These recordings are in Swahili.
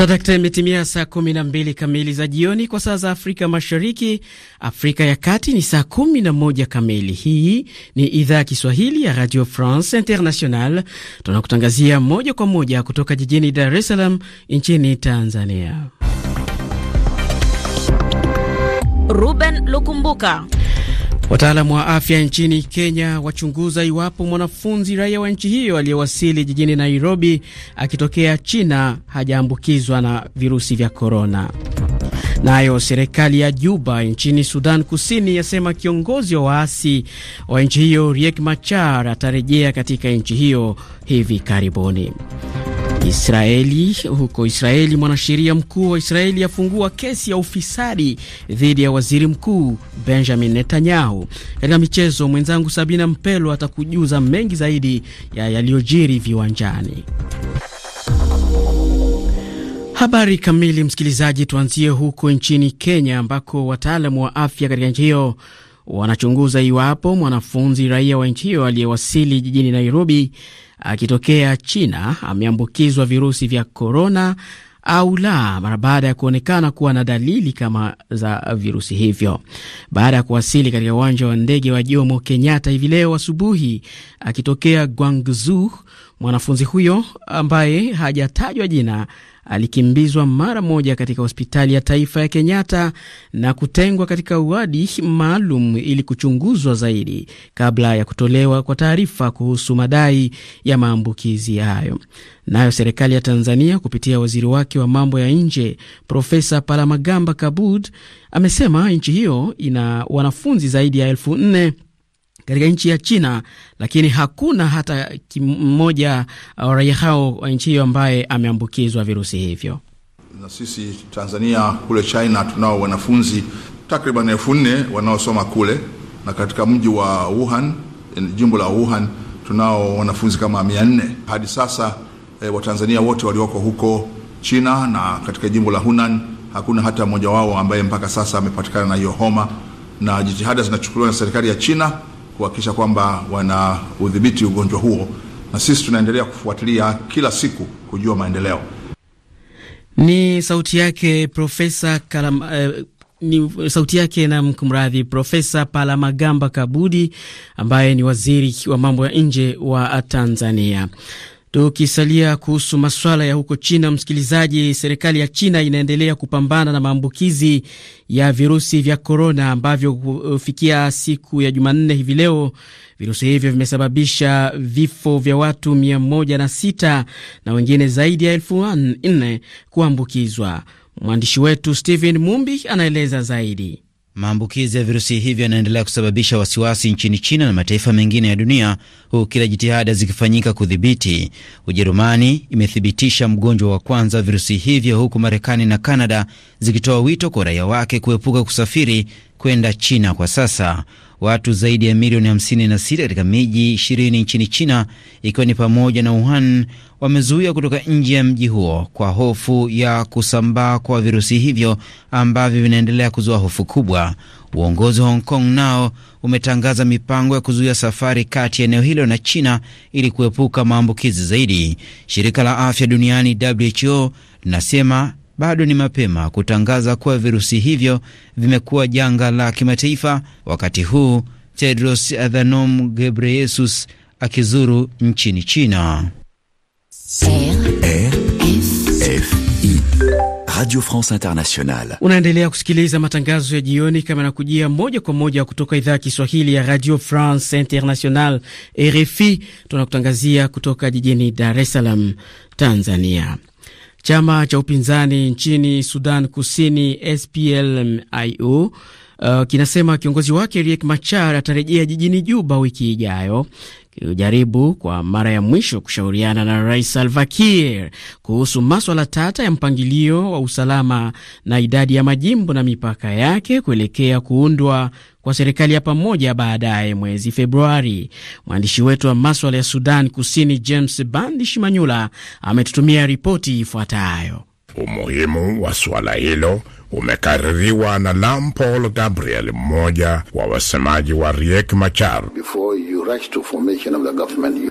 Saa dakta, imetimia saa kumi na mbili kamili za jioni kwa saa za Afrika Mashariki. Afrika ya Kati ni saa kumi na moja kamili. Hii ni idhaa ya Kiswahili ya Radio France International, tunakutangazia moja kwa moja kutoka jijini Dar es Salaam nchini Tanzania. Ruben Lukumbuka Wataalamu wa afya nchini Kenya wachunguza iwapo mwanafunzi raia wa nchi hiyo aliyewasili jijini Nairobi akitokea China hajaambukizwa na virusi vya korona. Nayo serikali ya Juba nchini Sudan Kusini yasema kiongozi wa waasi wa nchi hiyo Riek Machar atarejea katika nchi hiyo hivi karibuni. Israeli. Huko Israeli, mwanasheria mkuu wa Israeli afungua kesi ya ufisadi dhidi ya waziri mkuu Benjamin Netanyahu. Katika michezo, mwenzangu Sabina Mpelo atakujuza mengi zaidi ya yaliyojiri viwanjani. Habari kamili, msikilizaji, tuanzie huko nchini Kenya ambako wataalamu wa afya katika nchi hiyo wanachunguza iwapo mwanafunzi raia wa nchi hiyo aliyewasili jijini Nairobi akitokea China ameambukizwa virusi vya korona au la mara baada ya kuonekana kuwa na dalili kama za virusi hivyo. Baada ya kuwasili katika uwanja wa ndege wa Jomo Kenyatta hivi leo asubuhi akitokea Guangzhou, Mwanafunzi huyo ambaye hajatajwa jina alikimbizwa mara moja katika hospitali ya taifa ya Kenyatta na kutengwa katika wadi maalum ili kuchunguzwa zaidi kabla ya kutolewa kwa taarifa kuhusu madai ya maambukizi hayo. Nayo serikali ya Tanzania kupitia waziri wake wa mambo ya nje Profesa Palamagamba Kabud amesema nchi hiyo ina wanafunzi zaidi ya elfu nne katika nchi ya China, lakini hakuna hata mmoja uh, raia hao wa nchi hiyo ambaye ameambukizwa virusi hivyo. Na sisi Tanzania kule China tunao wanafunzi takriban elfu nne wanaosoma kule, na katika mji wa Wuhan, eh, jimbo la Wuhan, tunao wanafunzi kama mia nne hadi sasa. E, Watanzania wote walioko huko China na katika jimbo la Hunan hakuna hata mmoja wao ambaye mpaka sasa amepatikana na hiyo homa, na jitihada zinachukuliwa na serikali ya China kuhakikisha kwamba wana udhibiti ugonjwa huo, na sisi tunaendelea kufuatilia kila siku kujua maendeleo. Ni sauti yake Profesa Kalam, eh, ni sauti yake na mkumradhi, Profesa Palamagamba Kabudi ambaye ni waziri wa mambo ya nje wa Tanzania. Tukisalia kuhusu maswala ya huko China, msikilizaji, serikali ya China inaendelea kupambana na maambukizi ya virusi vya korona ambavyo hufikia siku ya Jumanne hivi leo virusi hivyo vimesababisha vifo vya watu 106 na wengine zaidi ya elfu nne kuambukizwa. Mwandishi wetu Stephen Mumbi anaeleza zaidi. Maambukizi ya virusi hivyo yanaendelea kusababisha wasiwasi nchini China na mataifa mengine ya dunia, huku kila jitihada zikifanyika kudhibiti. Ujerumani imethibitisha mgonjwa wa kwanza wa virusi hivyo, huku Marekani na Kanada zikitoa wito kwa raia wake kuepuka kusafiri kwenda China kwa sasa watu zaidi ya milioni 56 katika miji 20 nchini China, ikiwa ni pamoja na Wuhan, wamezuia kutoka nje ya mji huo kwa hofu ya kusambaa kwa virusi hivyo ambavyo vinaendelea kuzua hofu kubwa. Uongozi wa Hong Kong nao umetangaza mipango ya kuzuia safari kati ya eneo hilo na China ili kuepuka maambukizi zaidi. Shirika la afya duniani WHO linasema bado ni mapema kutangaza kuwa virusi hivyo vimekuwa janga la kimataifa, wakati huu Tedros Adhanom Ghebreyesus akizuru nchini China. Radio France Internationale. Unaendelea kusikiliza matangazo ya jioni kama nakujia moja kwa moja kutoka idhaa ya Kiswahili ya Radio France Internationale RFI. Tunakutangazia kutoka jijini Dar es Salaam, Tanzania. Chama cha upinzani nchini Sudan Kusini, SPLM-IO, uh, kinasema kiongozi wake Riek Machar atarejea jijini Juba wiki ijayo kujaribu kwa mara ya mwisho kushauriana na Rais Salva Kiir kuhusu maswala tata ya mpangilio wa usalama na idadi ya majimbo na mipaka yake kuelekea kuundwa kwa serikali ya pamoja baadaye mwezi Februari. Mwandishi wetu wa maswala ya Sudan Kusini James Bandi Shimanyula ametutumia ripoti ifuatayo. Umuhimu wa suala hilo umekaririwa na Lam Paul Gabriel, mmoja wa wasemaji wa Riek Machar.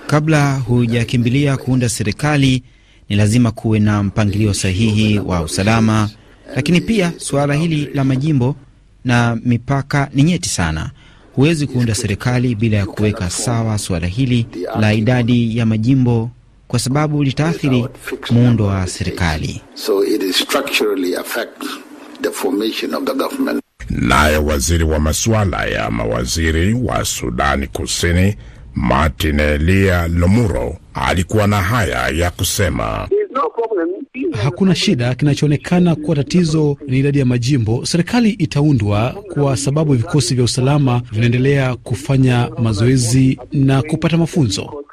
Kabla hujakimbilia kuunda serikali, ni lazima kuwe na mpangilio sahihi wa usalama, lakini pia suala hili la majimbo na mipaka ni nyeti sana. Huwezi kuunda serikali bila ya kuweka sawa suala hili la idadi ya majimbo, kwa sababu litaathiri muundo wa serikali. Naye waziri wa masuala ya mawaziri wa Sudani Kusini Martin Elia Lomuro alikuwa na haya ya kusema. Hakuna shida. Kinachoonekana kuwa tatizo ni idadi ya majimbo. Serikali itaundwa kwa sababu vikosi vya usalama vinaendelea kufanya mazoezi na kupata mafunzo.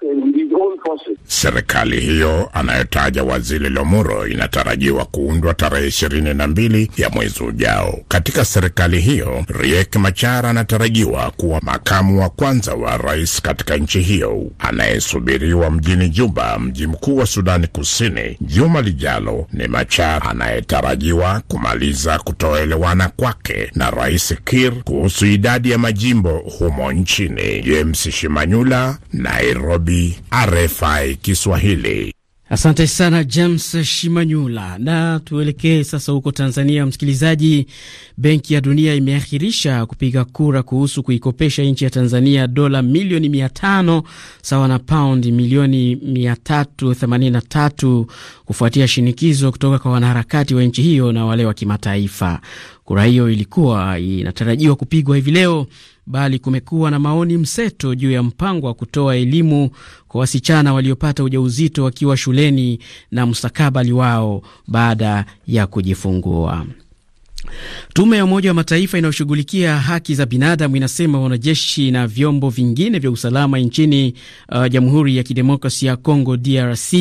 Serikali hiyo anayotaja Waziri Lomuro inatarajiwa kuundwa tarehe ishirini na mbili ya mwezi ujao. Katika serikali hiyo, Riek Machar anatarajiwa kuwa makamu wa kwanza wa rais katika nchi hiyo anayesubiriwa mjini Juba, mji mkuu wa Sudani Kusini, juma lijalo. Ni Machar anayetarajiwa kumaliza kutoelewana kwake na Rais Kir kuhusu idadi ya majimbo humo nchini. James Shimanyula, Nairobi, RFI Kiswahili. Asante sana James Shimanyula. Na tuelekee sasa huko Tanzania, msikilizaji. Benki ya Dunia imeahirisha kupiga kura kuhusu kuikopesha nchi ya Tanzania dola milioni mia tano sawa na paundi milioni mia tatu themanini na tatu kufuatia shinikizo kutoka kwa wanaharakati wa nchi hiyo na wale wa kimataifa. Kura hiyo ilikuwa inatarajiwa kupigwa hivi leo bali kumekuwa na maoni mseto juu ya mpango wa kutoa elimu kwa wasichana waliopata ujauzito wakiwa shuleni na mustakabali wao baada ya kujifungua. Tume ya Umoja wa Mataifa inayoshughulikia haki za binadamu inasema wanajeshi na vyombo vingine vya usalama nchini uh, Jamhuri ya Kidemokrasia ya Kongo DRC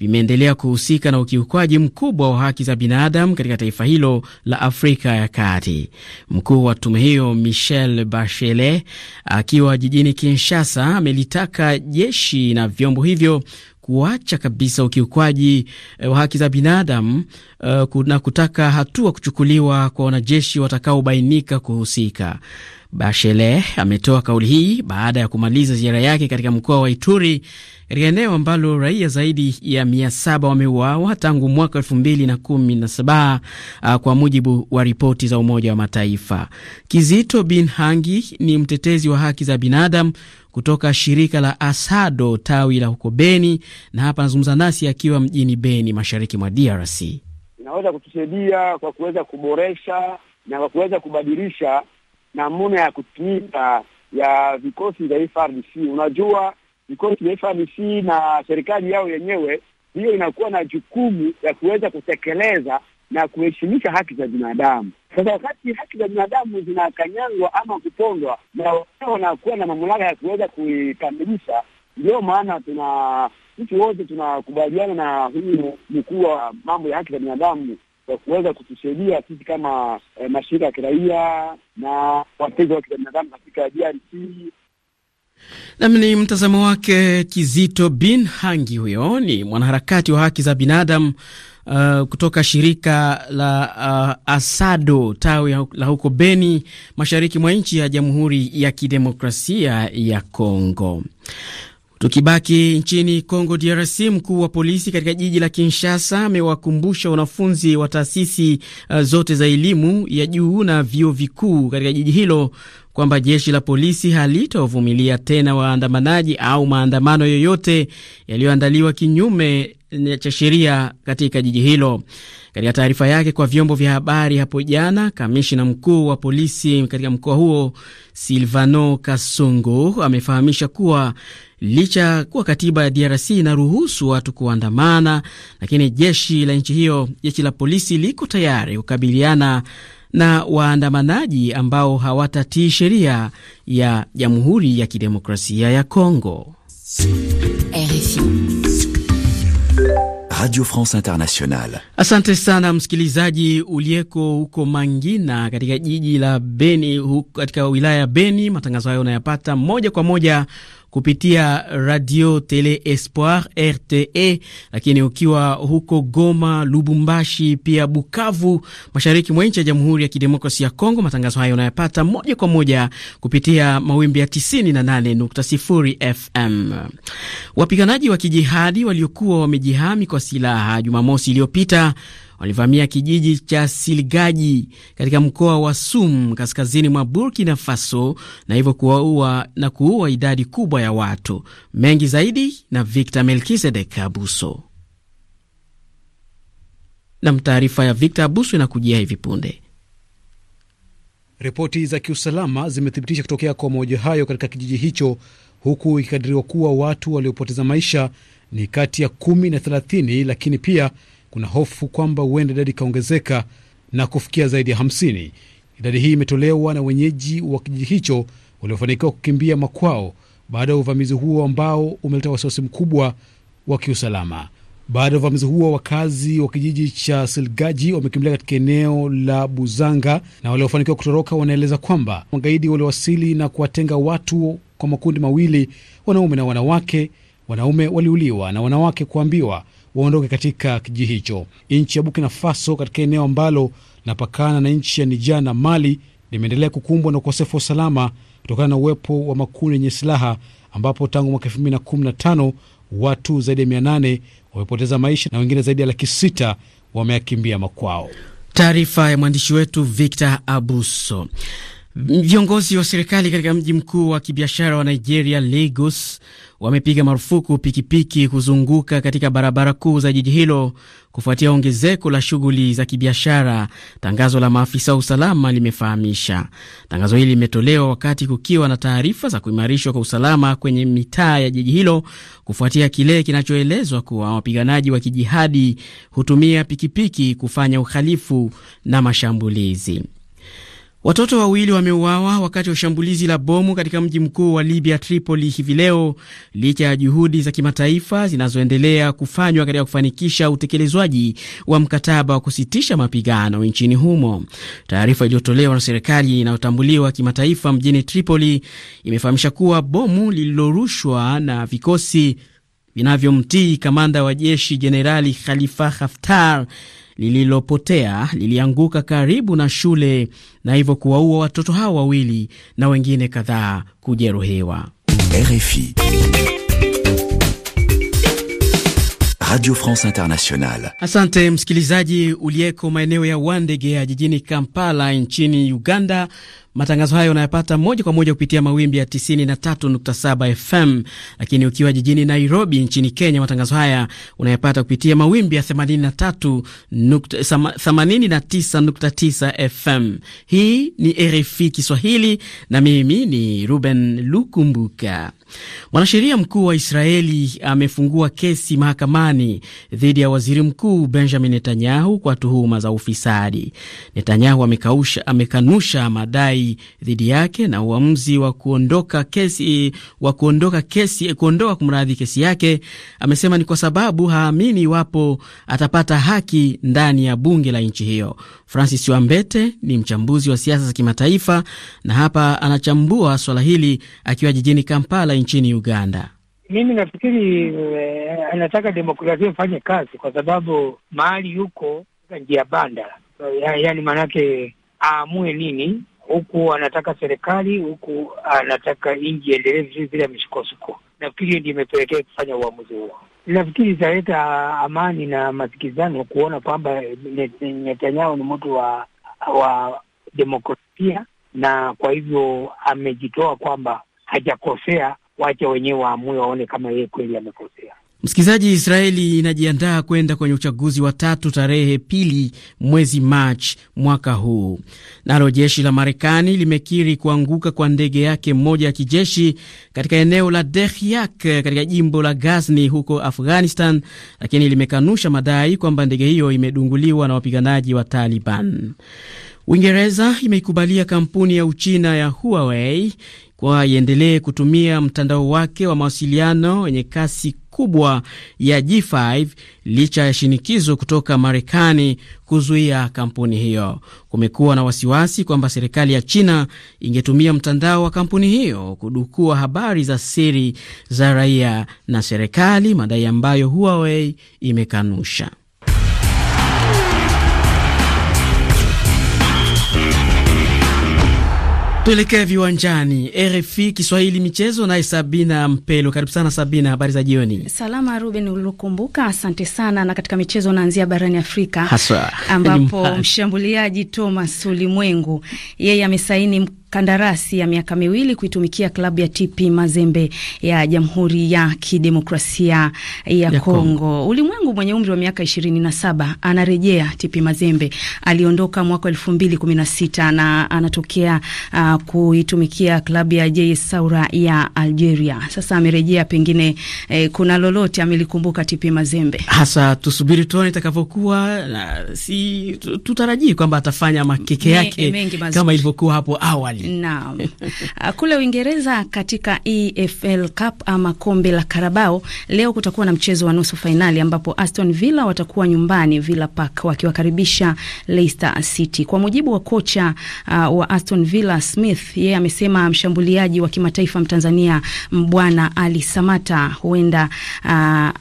vimeendelea kuhusika na ukiukwaji mkubwa wa haki za binadamu katika taifa hilo la Afrika ya Kati. Mkuu wa tume hiyo Michel Bachelet akiwa jijini Kinshasa amelitaka jeshi na vyombo hivyo kuacha kabisa ukiukwaji eh, wa haki za binadamu uh, na kutaka hatua kuchukuliwa kwa wanajeshi watakaobainika kuhusika. Bachelet ametoa kauli hii baada ya kumaliza ziara yake katika mkoa wa Ituri, katika eneo ambalo raia zaidi ya mia saba wameuawa tangu mwaka elfu mbili na kumi na saba ah, kwa mujibu wa ripoti za Umoja wa Mataifa. Kizito Bin Hangi ni mtetezi wa haki za binadamu kutoka shirika la Asado tawi la huko Beni, na hapa anazungumza nasi akiwa mjini Beni, mashariki mwa DRC. Inaweza kutusaidia kwa kuweza kuboresha na kwa kuweza kubadilisha namuna ya kutimiza ya vikosi vya FARDC. Unajua, vikosi vya FARDC na serikali yao yenyewe hiyo inakuwa na jukumu ya kuweza kutekeleza na kuheshimisha haki za binadamu. Sasa wakati haki za binadamu zinakanyangwa ama kupondwa, na wao wanakuwa na mamlaka ya kuweza kuikamilisha. Ndiyo maana tuna sisi wote tunakubaliana na huyu mkuu wa mambo ya haki za binadamu kwa kuweza kutusaidia sisi kama e, mashirika ya kiraia na wateja wa kibinadamu katika DRC. Nam ni mtazamo wake Kizito Bin Hangi. Huyo ni mwanaharakati wa haki za binadamu uh, kutoka shirika la uh, Asado tawi la huko Beni, mashariki mwa nchi ya Jamhuri ya Kidemokrasia ya Kongo. Tukibaki nchini Congo DRC, mkuu wa polisi katika jiji la Kinshasa amewakumbusha wanafunzi wa taasisi uh, zote za elimu ya juu na vyuo vikuu katika jiji hilo kwamba jeshi la polisi halitawavumilia tena waandamanaji au maandamano yoyote yaliyoandaliwa kinyume eh, cha sheria katika jiji hilo. Katika taarifa yake kwa vyombo vya habari hapo jana, kamishna mkuu wa polisi katika mkoa huo Silvano Kasongo amefahamisha kuwa licha kuwa katiba ya DRC inaruhusu watu kuandamana, lakini jeshi la nchi hiyo, jeshi la polisi liko tayari kukabiliana na waandamanaji ambao hawatatii sheria ya Jamhuri ya, Kidemokrasia ya Kongo. Radio France Internationale. Asante sana msikilizaji uliyeko huko Mangina katika jiji la Beni, katika wilaya ya Beni. Matangazo hayo unayapata moja kwa moja kupitia Radio Tele Espoir RTE, lakini ukiwa huko Goma, Lubumbashi, pia Bukavu, mashariki mwa nchi ya Jamhuri ya kidemokrasi ya Kongo. Matangazo hayo unayapata moja kwa moja kupitia mawimbi ya 98.0 FM. Wapiganaji wa kijihadi waliokuwa wamejihami kwa silaha Jumamosi iliyopita walivamia kijiji cha Siligaji katika mkoa wa Sum kaskazini mwa Burkina Faso na hivyo kuwaua na kuua idadi kubwa ya watu. Mengi zaidi na Victor Melkisedek Abuso. Nam, taarifa ya Victor Abuso inakujia hivi punde. Ripoti za kiusalama zimethibitisha kutokea kwa mauaji hayo katika kijiji hicho, huku ikikadiriwa kuwa watu waliopoteza maisha ni kati ya kumi na thelathini, lakini pia kuna hofu kwamba huenda idadi ikaongezeka na kufikia zaidi ya hamsini. Idadi hii imetolewa na wenyeji wa kijiji hicho waliofanikiwa kukimbia makwao baada ya uvamizi huo ambao umeleta wasiwasi mkubwa wa kiusalama. Baada ya uvamizi huo, wakazi wa kijiji cha Silgaji wamekimbilia katika eneo la Buzanga, na waliofanikiwa kutoroka wanaeleza kwamba magaidi waliowasili na kuwatenga watu kwa makundi mawili, wanaume na wanawake. Wanaume waliuliwa na wanawake kuambiwa waondoke katika kijiji hicho. Nchi ya Burkina Faso, katika eneo ambalo linapakana na nchi ya Nija na Mali, limeendelea kukumbwa na ukosefu wa usalama kutokana na uwepo wa makundi yenye silaha, ambapo tangu mwaka tano watu zaidi ya nane wamepoteza maisha na wengine zaidi ya laki sita wameakimbia makwao. Taarifa ya mwandishi wetu Victor Abuso. Viongozi wa serikali katika mji mkuu wa kibiashara wa Nigeria, Lagos, wamepiga marufuku pikipiki kuzunguka katika barabara kuu za jiji hilo kufuatia ongezeko la shughuli za kibiashara, tangazo la maafisa wa usalama limefahamisha. Tangazo hili limetolewa wakati kukiwa na taarifa za kuimarishwa kwa usalama kwenye mitaa ya jiji hilo kufuatia kile kinachoelezwa kuwa wapiganaji wa kijihadi hutumia pikipiki kufanya uhalifu na mashambulizi. Watoto wawili wameuawa wakati wa shambulizi la bomu katika mji mkuu wa Libya, Tripoli, hivi leo, licha ya juhudi za kimataifa zinazoendelea kufanywa katika kufanikisha utekelezwaji wa mkataba wa kusitisha mapigano nchini humo. Taarifa iliyotolewa na serikali inayotambuliwa kimataifa mjini Tripoli imefahamisha kuwa bomu lililorushwa na vikosi vinavyomtii kamanda wa jeshi Jenerali Khalifa Haftar lililopotea lilianguka karibu na shule na hivyo kuwaua watoto hao wawili na wengine kadhaa kujeruhiwa. RFI Radio France Internationale. Asante msikilizaji uliyeko maeneo ya Wandegea jijini Kampala nchini Uganda. Matangazo hayo unayapata moja kwa moja kupitia mawimbi ya 93.7 FM, lakini ukiwa jijini Nairobi nchini Kenya, matangazo haya unayapata kupitia mawimbi ya 89.9 FM. Hii ni RFI Kiswahili na mimi ni Ruben Lukumbuka. Mwanasheria mkuu wa Israeli amefungua kesi mahakamani dhidi ya waziri mkuu Benjamin Netanyahu kwa tuhuma za ufisadi. Netanyahu amekanusha madai madai dhidi yake na uamuzi wa kuondoka kesi, wa kuondoka kesi, kuondoka kumradhi kesi yake, amesema ni kwa sababu haamini iwapo atapata haki ndani ya bunge la nchi hiyo. Francis Wambete ni mchambuzi wa siasa za kimataifa na hapa anachambua swala hili akiwa jijini Kampala nchini Uganda. Mimi nafikiri eh, anataka demokrasia ifanye kazi kwa sababu mahali yuko njia banda, yaani maanake aamue nini huku anataka serikali, huku anataka nji iendelee vizuri bila misukosuko. Nafikiri hiyo ndio imepelekea kufanya uamuzi huo. Nafikiri italeta amani na masikizano, kuona kwamba Netanyahu ni mtu wa wa demokrasia, na kwa hivyo amejitoa kwamba hajakosea, wacha wenyewe waamue, waone kama yeye kweli amekosea. Msikilizaji, Israeli inajiandaa kwenda kwenye uchaguzi wa tatu tarehe pili mwezi Machi mwaka huu. Nalo jeshi la Marekani limekiri kuanguka kwa ndege yake moja ya kijeshi katika eneo la Dehyak katika jimbo la Ghazni huko Afghanistan, lakini limekanusha madai kwamba ndege hiyo imedunguliwa na wapiganaji wa Taliban. Uingereza imeikubalia kampuni ya Uchina ya Huawei kwa iendelee kutumia mtandao wake wa mawasiliano wenye kasi kubwa ya G5 licha ya shinikizo kutoka Marekani kuzuia kampuni hiyo. Kumekuwa na wasiwasi kwamba serikali ya China ingetumia mtandao wa kampuni hiyo kudukua habari za siri za raia na serikali, madai ambayo Huawei imekanusha. Tuelekee viwanjani. RFI Kiswahili michezo, naye Sabina Mpelo. Karibu sana Sabina, habari za jioni. Salama Ruben ulikumbuka, asante sana. Na katika michezo unaanzia barani Afrika haswa ambapo mshambuliaji Thomas Ulimwengu yeye amesaini kandarasi ya miaka miwili kuitumikia klabu ya TP Mazembe ya Jamhuri ya Kidemokrasia ya, ya Kongo. Kongo. Ulimwengu mwenye umri wa miaka 27 anarejea TP Mazembe. Aliondoka mwaka 2016 na anatokea uh, kuitumikia klabu ya JS Saoura ya Algeria. Sasa amerejea, pengine eh, kuna lolote amelikumbuka TP Mazembe. Hasa tusubiri tuone itakavyokuwa, si tutarajii kwamba atafanya makeke yake kama ilivyokuwa hapo awali. Naam. Ah, kule Uingereza katika EFL Cup ama kombe la Karabao, leo kutakuwa na mchezo wa nusu fainali ambapo Aston Villa watakuwa nyumbani Villa Park wakiwakaribisha Leicester City. Kwa mujibu wa kocha uh, wa Aston Villa Smith, yeye amesema mshambuliaji wa kimataifa Mtanzania Mbwana Ali Samata huenda uh,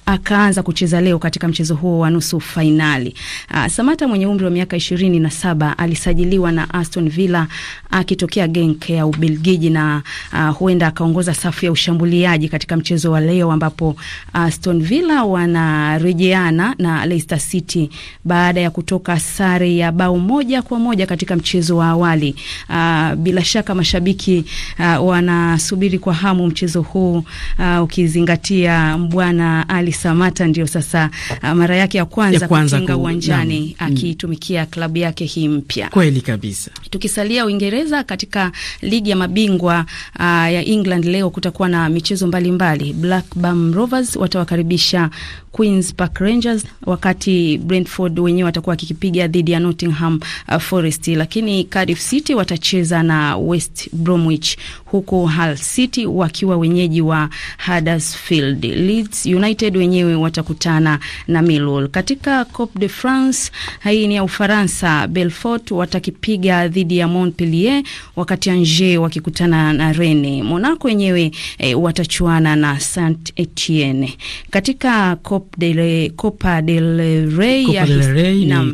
akaanza kucheza leo katika mchezo huo wa nusu fainali. Uh, Samata mwenye umri wa miaka ishirini na saba alisajiliwa na Aston Villa akitokea Genk ya Ubelgiji na uh, huenda akaongoza safu ya ushambuliaji katika mchezo wa leo ambapo uh, Aston uh, Villa wanarejeana na Leicester City baada ya kutoka sare ya bao moja kwa moja katika mchezo wa awali. Uh, bila shaka mashabiki uh, wanasubiri kwa hamu mchezo huu uh, ukizingatia mbwana Ali Samata ndio sasa uh, mara yake ya kwanza, ya kwanza kutinga uwanjani mm. akitumikia klabu yake hii mpya. Kweli kabisa. Tukisalia Uingereza katika katika ligi ya mabingwa uh, ya England leo kutakuwa na michezo mbalimbali. Blackburn Rovers watawakaribisha Queens Park Rangers, wakati Brentford wenyewe watakuwa wakikipiga dhidi ya Nottingham uh, Forest, lakini Cardiff City watacheza na West Bromwich, huku Hull City wakiwa wenyeji wa Huddersfield. Leeds United wenyewe watakutana na Millwall. Katika Coupe de France, hii ni ya Ufaransa, Belfort watakipiga dhidi ya Montpellier wakati wakati Anje wakikutana na Rene. Monaco wenyewe e, eh, watachuana na Saint Etienne katika Copa del Rey,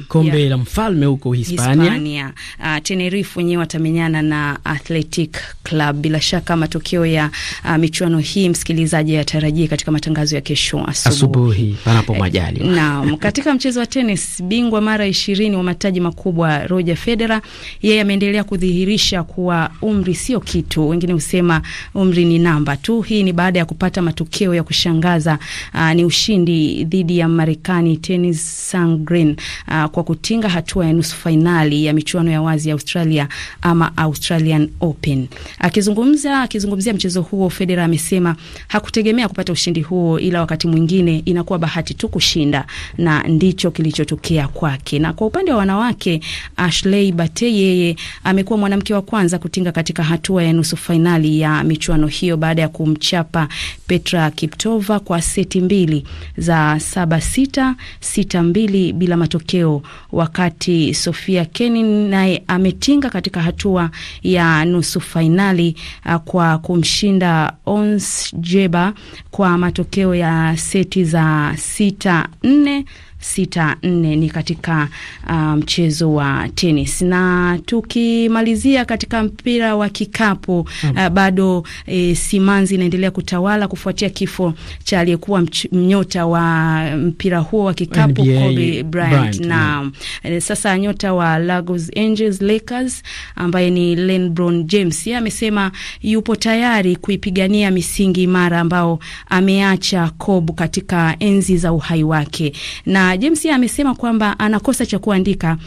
kombe la mfalme huko Hispania, Hispania. Uh, Tenerife wenyewe watamenyana na Athletic Club. Bila shaka matokeo ya uh, michuano hii msikilizaji yatarajie katika matangazo ya kesho asubuhi panapo eh, majali. Naam, katika mchezo wa tennis, bingwa mara ishirini wa mataji makubwa Roger Federer yeye ameendelea kudhihirisha ku kuwa umri sio kitu, wengine husema umri ni namba tu. Hii ni baada ya kupata matokeo ya kushangaza uh, ni ushindi dhidi ya Marekani Tennis Sangren uh, kwa kutinga hatua ya nusu fainali ya michuano ya wazi ya Australia ama Australian Open. Akizungumza uh, akizungumzia mchezo huo, Federa amesema hakutegemea kupata ushindi huo, ila wakati mwingine inakuwa bahati tu kushinda, na ndicho kilichotokea kwake. Na kwa upande wa wanawake, Ashley Bate yeye amekuwa mwanamke wa kwanza kwanza kutinga katika hatua ya nusu fainali ya michuano hiyo baada ya kumchapa Petra Kiptova kwa seti mbili za saba sita sita mbili bila matokeo, wakati Sofia Kenin naye ametinga katika hatua ya nusu fainali uh, kwa kumshinda Ons Jeba kwa matokeo ya seti za sita nne sita nne ni katika uh, mchezo um, wa tenis. Na tukimalizia katika mpira wa kikapu mm. uh, hmm. bado e, simanzi inaendelea kutawala kufuatia kifo cha aliyekuwa nyota wa mpira huo wa kikapu NBA Kobe Bryant na yeah. Eh, sasa nyota wa Los Angeles Lakers ambaye ni LeBron James yeye amesema yupo tayari kuipigania misingi imara ambao ameacha Kobe katika enzi za uhai wake na James amesema kwamba anakosa cha kuandika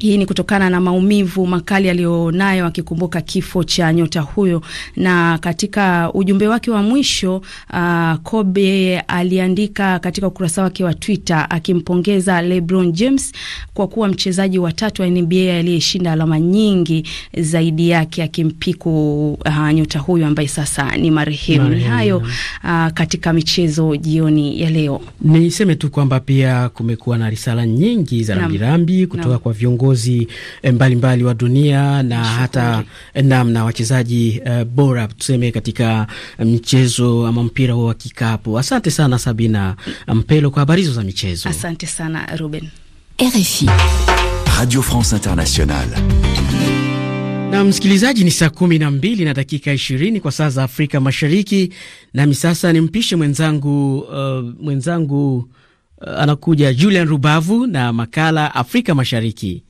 hii ni kutokana na maumivu makali aliyonayo akikumbuka kifo cha nyota huyo. Na katika ujumbe wake wa mwisho uh, Kobe aliandika katika ukurasa wake wa Twitter akimpongeza LeBron James kwa kuwa mchezaji wa tatu wa NBA aliyeshinda alama nyingi zaidi yake, akimpiku uh, nyota huyo ambaye sasa ni marehemu. Ni hayo uh, katika michezo jioni ya leo. Niseme tu kwamba pia kumekuwa na risala nyingi za rambirambi kutoka kwa viongozi viongozi eh, mbalimbali mbali wa dunia na Shukuri. hata eh, namna wachezaji uh, bora tuseme katika mchezo ama mpira wa kikapu. Asante sana Sabina Mpelo kwa habari hizo za michezo. Asante sana Ruben. RFI Radio France Internationale. Na msikilizaji, ni saa kumi na mbili na dakika ishirini kwa saa za Afrika Mashariki, nami sasa nimpishe mwenzangu uh, mwenzangu uh, anakuja Julian Rubavu na makala Afrika Mashariki.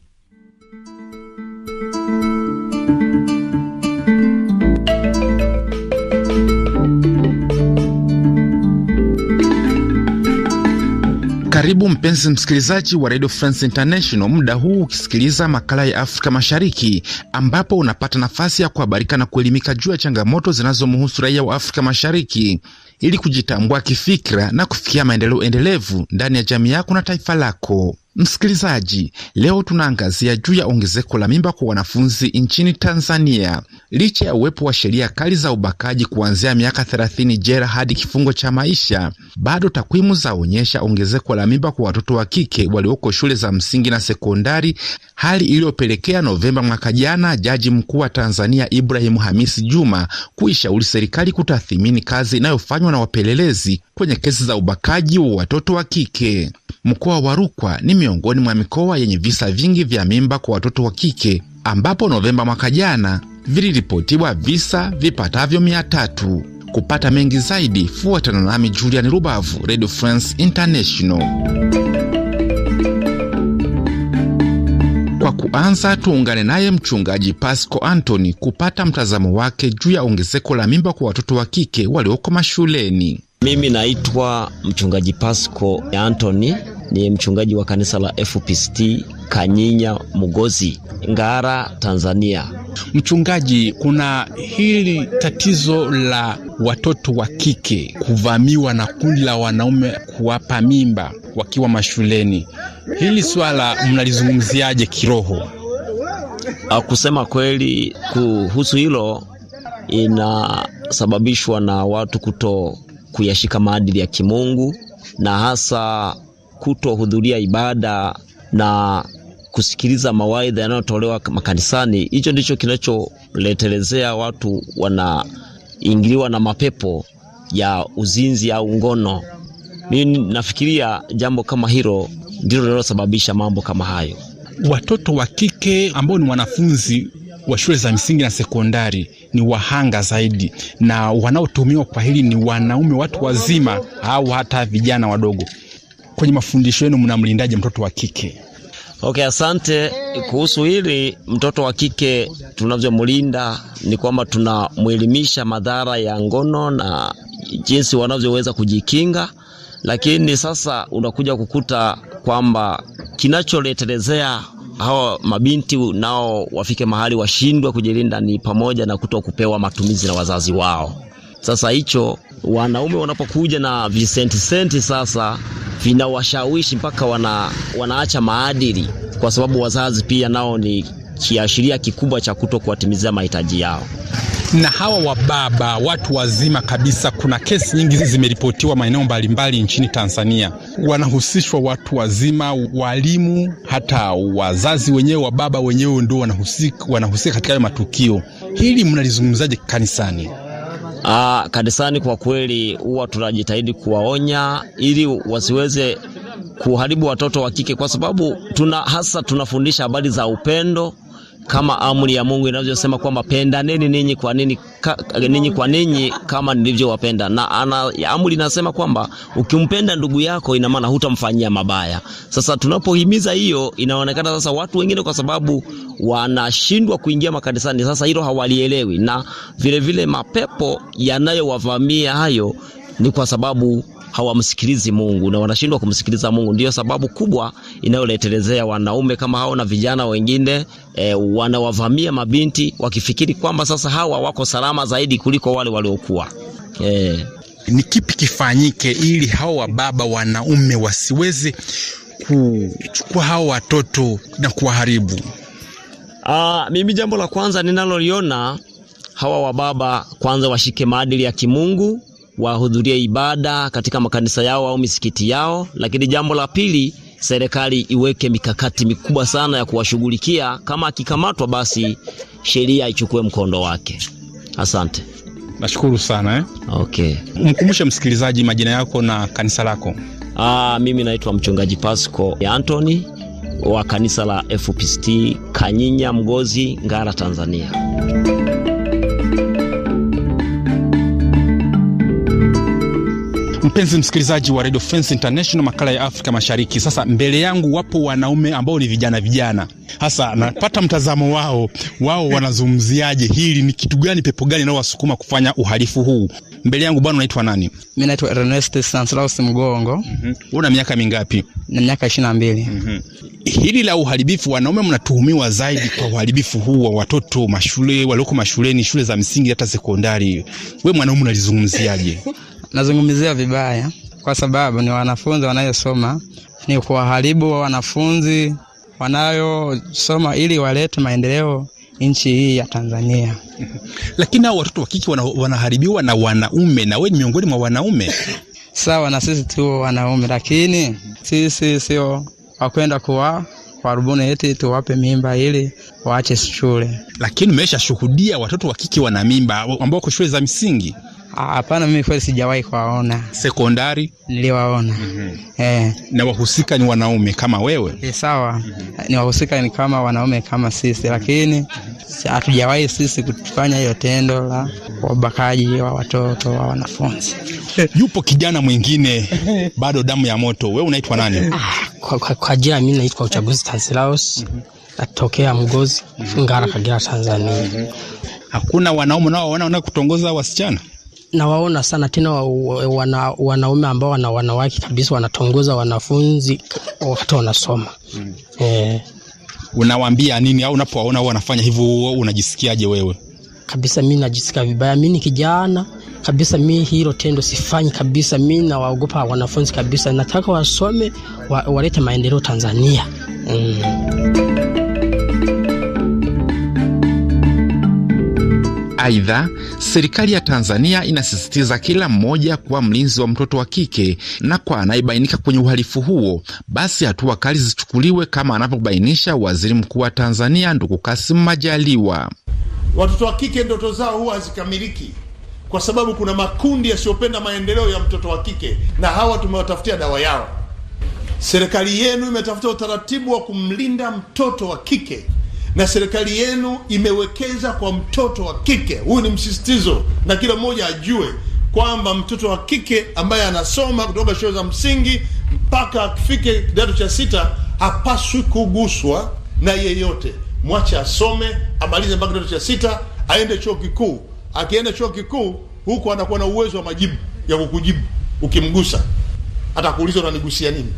Karibu mpenzi msikilizaji wa Radio France International, muda huu ukisikiliza makala ya Afrika Mashariki, ambapo unapata nafasi ya kuhabarika na kuelimika juu ya changamoto zinazomhusu raia wa Afrika Mashariki ili kujitambua kifikra na kufikia maendeleo endelevu ndani ya jamii yako na taifa lako. Msikilizaji, leo tunaangazia juu ya ongezeko la mimba kwa wanafunzi nchini Tanzania. Licha ya uwepo wa sheria kali za ubakaji kuanzia miaka 30 jela hadi kifungo cha maisha, bado takwimu zaonyesha ongezeko la mimba kwa watoto wa kike walioko shule za msingi na sekondari, hali iliyopelekea Novemba mwaka jana Jaji Mkuu wa Tanzania Ibrahimu Hamisi Juma kuishauri serikali kutathimini kazi inayofanywa na wapelelezi kwenye kesi za ubakaji wa watoto wa kike. Mkoa wa Rukwa ni miongoni mwa mikoa yenye visa vingi vya mimba kwa watoto wa kike ambapo Novemba mwaka jana viliripotiwa visa vipatavyo mia tatu. Kupata mengi zaidi, fuatana nami Julian Rubavu, Radio France International. Kwa kuanza, tuungane naye mchungaji Pasco antony kupata mtazamo wake juu ya ongezeko la mimba kwa watoto wa kike walioko mashuleni. Mimi naitwa mchungaji Pasco Anthony, ni mchungaji wa kanisa la FPCT Kanyinya Mugozi, Ngara, Tanzania. Mchungaji, kuna hili tatizo la watoto wa kike kuvamiwa na kundi la wanaume kuwapa mimba wakiwa mashuleni. Hili swala mnalizungumziaje kiroho? Kusema kweli, kuhusu hilo inasababishwa na watu kuto kuyashika maadili ya kimungu na hasa kutohudhuria ibada na kusikiliza mawaidha yanayotolewa makanisani. Hicho ndicho kinacholetelezea watu wanaingiliwa na mapepo ya uzinzi au ngono. Mimi nafikiria jambo kama hilo ndilo linalosababisha mambo kama hayo. Watoto wa kike ambao ni wanafunzi wa shule za msingi na sekondari ni wahanga zaidi, na wanaotumiwa kwa hili ni wanaume, watu wazima au hata vijana wadogo. Kwenye mafundisho yenu mnamlindaje mtoto wa kike? Okay, asante. Kuhusu hili mtoto wa kike, tunavyomlinda ni kwamba tunamwelimisha madhara ya ngono na jinsi wanavyoweza kujikinga, lakini sasa unakuja kukuta kwamba kinacholetelezea hawa mabinti nao wafike mahali washindwe kujilinda, ni pamoja na kuto kupewa matumizi na wazazi wao. Sasa hicho wanaume wanapokuja na visenti senti sasa vinawashawishi mpaka wana, wanaacha maadili, kwa sababu wazazi pia nao ni kiashiria kikubwa cha kuto kuwatimizia mahitaji yao na hawa wababa watu wazima kabisa. Kuna kesi nyingi zimeripotiwa maeneo mbalimbali nchini Tanzania, wanahusishwa watu wazima, walimu, hata wazazi wenyewe, wababa wenyewe ndio wanahusika, wanahusika katika hayo matukio. Hili mnalizungumzaje kanisani? Ah, kanisani kwa kweli huwa tunajitahidi kuwaonya ili wasiweze kuharibu watoto wa kike, kwa sababu tuna hasa tunafundisha habari za upendo kama amri ya Mungu inavyosema kwamba pendaneni ninyi kwa ninyi ka, ninyi kwa ninyi kama nilivyowapenda. Na ana, amri inasema kwamba ukimpenda ndugu yako ina maana hutamfanyia mabaya. Sasa tunapohimiza hiyo, inaonekana sasa watu wengine kwa sababu wanashindwa kuingia makanisani, sasa hilo hawalielewi, na vile vile mapepo yanayowavamia hayo ni kwa sababu hawamsikilizi Mungu na wanashindwa kumsikiliza Mungu. Ndiyo sababu kubwa inayoletelezea wanaume kama hao na vijana wengine e, wanawavamia mabinti wakifikiri kwamba sasa hawa wako salama zaidi kuliko wale waliokuwa e. Ni kipi kifanyike ili hawa wababa wanaume wasiweze kuchukua hawa watoto na kuwaharibu? Aa, ah, mimi jambo la kwanza ninaloliona hawa wababa kwanza washike maadili ya kimungu, wahudhurie ibada katika makanisa yao au misikiti yao, lakini jambo la pili serikali iweke mikakati mikubwa sana ya kuwashughulikia. Kama akikamatwa, basi sheria ichukue mkondo wake. Asante. Nashukuru sana eh. Okay. Mkumbushe msikilizaji majina yako na kanisa lako. Aa, ah, mimi naitwa mchungaji Pasco Antony wa kanisa la FPCT Kanyinya Mgozi, Ngara, Tanzania. Mpenzi msikilizaji wa Radio France International, makala ya Afrika Mashariki. Sasa mbele yangu wapo wanaume ambao ni vijana vijana, hasa napata mtazamo wao, wao wanazungumziaje hili, ni kitu gani, pepo gani inayowasukuma kufanya uhalifu huu? Mbele yangu bwana, unaitwa nani? Mimi naitwa Ernest Stanislaus Mgongo. mm -hmm. Una miaka mingapi? Na miaka 22. mm -hmm. Hili la uharibifu, wanaume mnatuhumiwa zaidi kwa uharibifu huu wa watoto mashule, walioko mashuleni, shule za msingi hata sekondari. We mwanaume unalizungumziaje? nazungumzia vibaya, kwa sababu ni wanafunzi wanayosoma, ni kuwaharibu wanafunzi wanayosoma ili walete maendeleo nchi hii ya Tanzania. Lakini hao watoto wakike wana, wanaharibiwa na wanaume, na wewe ni miongoni mwa wanaume sawa na sisi tu wanaume, lakini sisi sio wakwenda kuwa warubuni eti tuwape mimba ili waache shule. Lakini umesha shuhudia watoto wa wana mimba ambao kwa shule za msingi Ah, hapana, mimi kweli sijawahi kuwaona. Sekondari niliwaona. mm -hmm. Eh, na wahusika ni wanaume kama wewe? E, sawa. mm -hmm. Ni wahusika ni kama wanaume kama sisi, lakini hatujawahi sisi kufanya hiyo tendo la wabakaji wa watoto wa wanafunzi. Yupo kijana mwingine bado damu ya moto. Wewe unaitwa nani? Ah, kwa, kwa, kwa jina mimi naitwa Uchaguzi Tansilaus. mm -hmm. Atokea Mgozi, Ngara, Kagera, Tanzania. mm -hmm. Hakuna wanaume nao wanaona kutongoza wasichana nawaona sana tena wana, wanaume ambao wana wanawake kabisa wanatongoza wanafunzi wakati wanasoma mm. E, unawaambia nini au unapowaona wanafanya hivyo unajisikiaje wewe? Kabisa mi najisikia vibaya, mi ni kijana kabisa, mi hilo tendo sifanyi kabisa. Mi nawaogopa wanafunzi kabisa, nataka wasome wa, walete maendeleo Tanzania mm. Aidha, serikali ya Tanzania inasisitiza kila mmoja kuwa mlinzi wa mtoto wa kike, na kwa anayebainika kwenye uhalifu huo, basi hatua kali zichukuliwe kama anavyobainisha Waziri Mkuu wa Tanzania Ndugu Kassim Majaliwa. Watoto wa kike ndoto zao huwa hazikamiliki kwa sababu kuna makundi yasiyopenda maendeleo ya mtoto wa kike, na hawa tumewatafutia dawa yao. Serikali yenu imetafuta utaratibu wa kumlinda mtoto wa kike na serikali yenu imewekeza kwa mtoto wa kike. Huyu ni msisitizo, na kila mmoja ajue kwamba mtoto wa kike ambaye anasoma kutoka shule za msingi mpaka akifike kidato cha sita hapaswi kuguswa na yeyote. Mwache asome amalize mpaka kidato cha sita, aende chuo kikuu. Akienda chuo kikuu, huko anakuwa na uwezo wa majibu ya kukujibu. Ukimgusa atakuuliza unanigusia nini,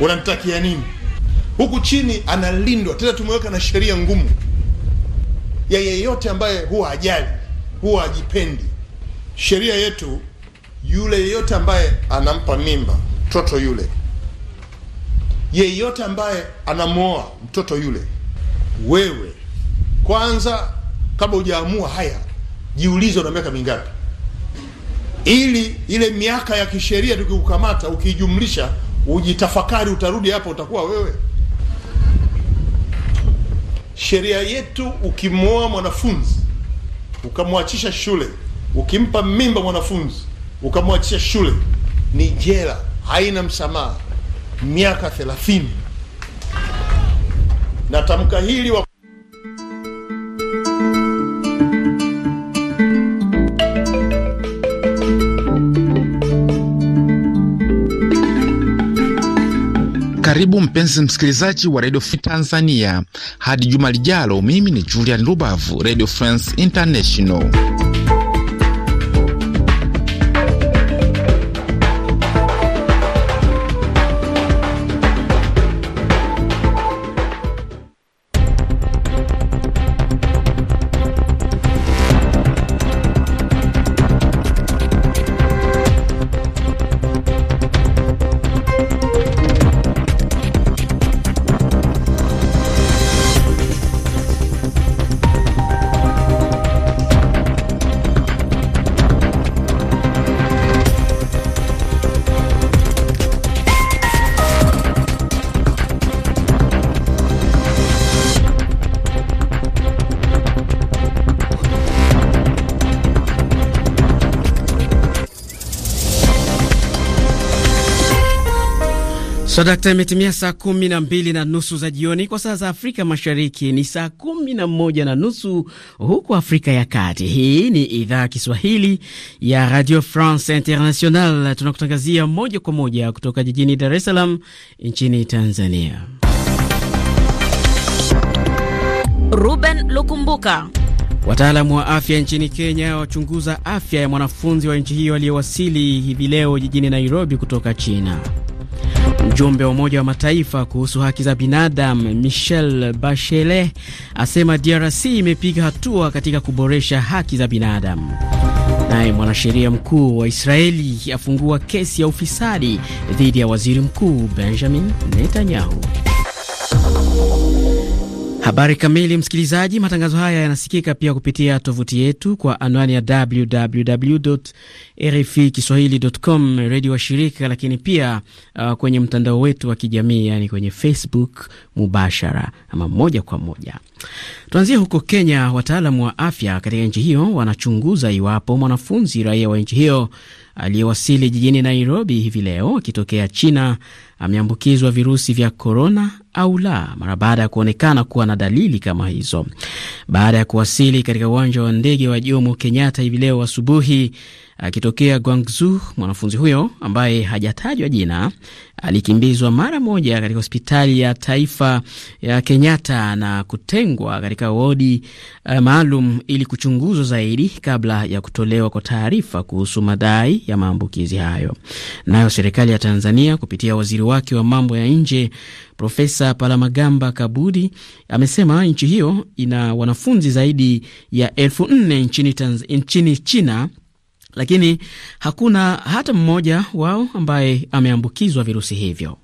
unanitakia nini? huku chini analindwa, tena tumeweka na sheria ngumu ya yeyote ambaye huwa ajali huwa ajipendi Sheria yetu, yule yeyote ambaye anampa mimba mtoto yule, yeyote ambaye anamwoa mtoto yule, wewe kwanza, kabla hujaamua haya, jiulize una miaka mingapi, ili ile miaka ya kisheria tukikukamata, ukijumlisha, ujitafakari, utarudi hapo, utakuwa wewe Sheria yetu ukimwoa mwanafunzi ukamwachisha shule, ukimpa mimba mwanafunzi ukamwachisha shule, ni jela, haina msamaha, miaka thelathini. Na hili wa Karibu mpenzi msikilizaji wa Radio Free Tanzania, hadi juma lijalo. Mimi ni Julian Rubavu, Radio France International. Swadakta, imetimia saa kumi na mbili na nusu za jioni kwa saa za Afrika Mashariki, ni saa kumi na moja na nusu huku Afrika ya Kati. Hii ni idhaa ya Kiswahili ya Radio France International, tunakutangazia moja kwa moja kutoka jijini Dar es Salaam nchini Tanzania. Ruben Lukumbuka. Wataalamu wa afya nchini Kenya wachunguza afya ya mwanafunzi wa nchi hiyo aliyewasili hivi leo jijini Nairobi kutoka China. Mjumbe wa Umoja wa Mataifa kuhusu haki za binadamu michel Bachelet asema DRC imepiga hatua katika kuboresha haki za binadamu. Naye mwanasheria mkuu wa Israeli afungua kesi ya ufisadi dhidi ya waziri mkuu Benjamin Netanyahu. Habari kamili, msikilizaji. Matangazo haya yanasikika pia kupitia tovuti yetu kwa anwani ya www RFI kiswahilicom, redio wa shirika, lakini pia uh, kwenye mtandao wetu wa kijamii, yani kwenye Facebook mubashara ama moja kwa moja. Tuanzie huko Kenya. Wataalamu wa afya katika nchi hiyo wanachunguza iwapo mwanafunzi raia wa nchi hiyo aliyewasili jijini Nairobi hivi leo akitokea China ameambukizwa virusi vya korona au la, mara baada ya kuonekana kuwa na dalili kama hizo. Baada ya kuwasili katika uwanja wa ndege wa Jomo Kenyatta hivi leo asubuhi, Akitokea Guangzhou, mwanafunzi huyo ambaye hajatajwa jina alikimbizwa mara moja katika hospitali ya taifa ya Kenyatta na kutengwa katika wodi uh, maalum ili kuchunguzwa zaidi kabla ya kutolewa kwa taarifa kuhusu madai ya maambukizi hayo. Nayo serikali ya Tanzania kupitia waziri wake wa mambo ya nje Profesa Palamagamba Kabudi amesema nchi hiyo ina wanafunzi zaidi ya elfu nne nchini, nchini China lakini hakuna hata mmoja wao ambaye ameambukizwa virusi hivyo.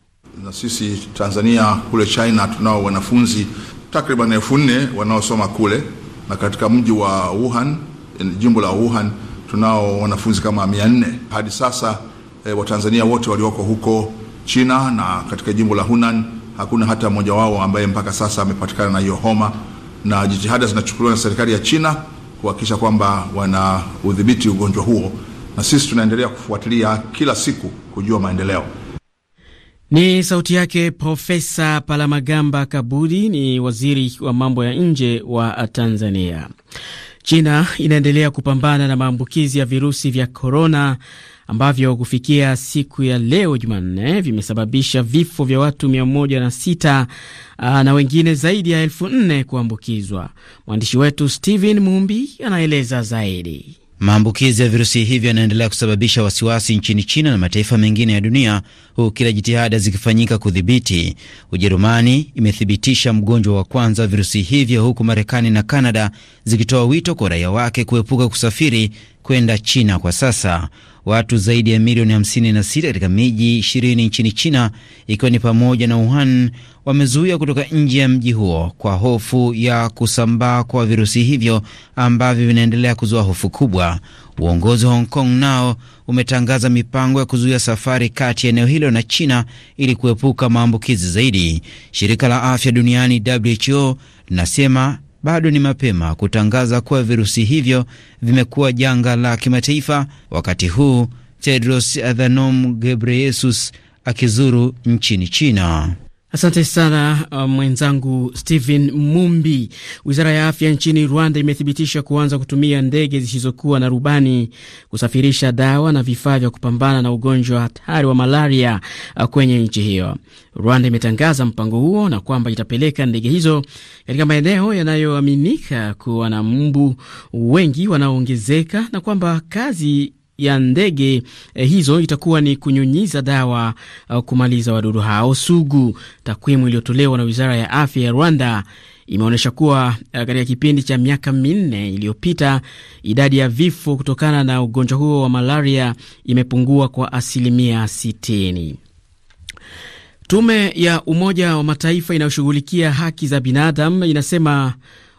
Na sisi Tanzania, kule China tunao wanafunzi takriban elfu nne wanaosoma kule, na katika mji wa Wuhan, eh, jimbo la Wuhan, tunao wanafunzi kama mia nne hadi sasa. E, Watanzania wote walioko huko China na katika jimbo la Hunan hakuna hata mmoja wao ambaye mpaka sasa amepatikana na hiyo homa, na jitihada zinachukuliwa na serikali ya China kuhakikisha kwamba wana udhibiti ugonjwa huo, na sisi tunaendelea kufuatilia kila siku kujua maendeleo. Ni sauti yake Profesa Palamagamba Kabudi, ni waziri wa mambo ya nje wa Tanzania. China inaendelea kupambana na maambukizi ya virusi vya korona ambavyo kufikia siku ya leo Jumanne vimesababisha vifo vya watu 106 na, ah, na wengine zaidi ya elfu nne kuambukizwa. Mwandishi wetu Steven Mumbi anaeleza zaidi. Maambukizi ya virusi hivyo yanaendelea kusababisha wasiwasi nchini China na mataifa mengine ya dunia, huku kila jitihada zikifanyika kudhibiti. Ujerumani imethibitisha mgonjwa wa kwanza wa virusi hivyo, huku Marekani na Kanada zikitoa wito kwa raia wake kuepuka kusafiri kwenda China kwa sasa watu zaidi ya milioni 56 katika miji 20 nchini China, ikiwa ni pamoja na Wuhan, wamezuia kutoka nje ya mji huo kwa hofu ya kusambaa kwa virusi hivyo ambavyo vinaendelea kuzua hofu kubwa. Uongozi wa Hong Kong nao umetangaza mipango ya kuzuia safari kati ya eneo hilo na China ili kuepuka maambukizi zaidi. Shirika la afya duniani WHO linasema bado ni mapema kutangaza kuwa virusi hivyo vimekuwa janga la kimataifa, wakati huu Tedros Adhanom Ghebreyesus akizuru nchini China. Asante sana uh, mwenzangu Stephen Mumbi. Wizara ya afya nchini Rwanda imethibitisha kuanza kutumia ndege zisizokuwa na rubani kusafirisha dawa na vifaa vya kupambana na ugonjwa hatari wa malaria uh, kwenye nchi hiyo. Rwanda imetangaza mpango huo na kwamba itapeleka ndege hizo katika maeneo yanayoaminika kuwa na mbu wengi wanaoongezeka na kwamba kazi ya ndege eh, hizo itakuwa ni kunyunyiza dawa uh, kumaliza wadudu hao sugu. Takwimu iliyotolewa na Wizara ya Afya ya Rwanda imeonyesha kuwa uh, katika kipindi cha miaka minne iliyopita idadi ya vifo kutokana na ugonjwa huo wa malaria imepungua kwa asilimia 60. Tume ya Umoja wa Mataifa inayoshughulikia haki za binadamu inasema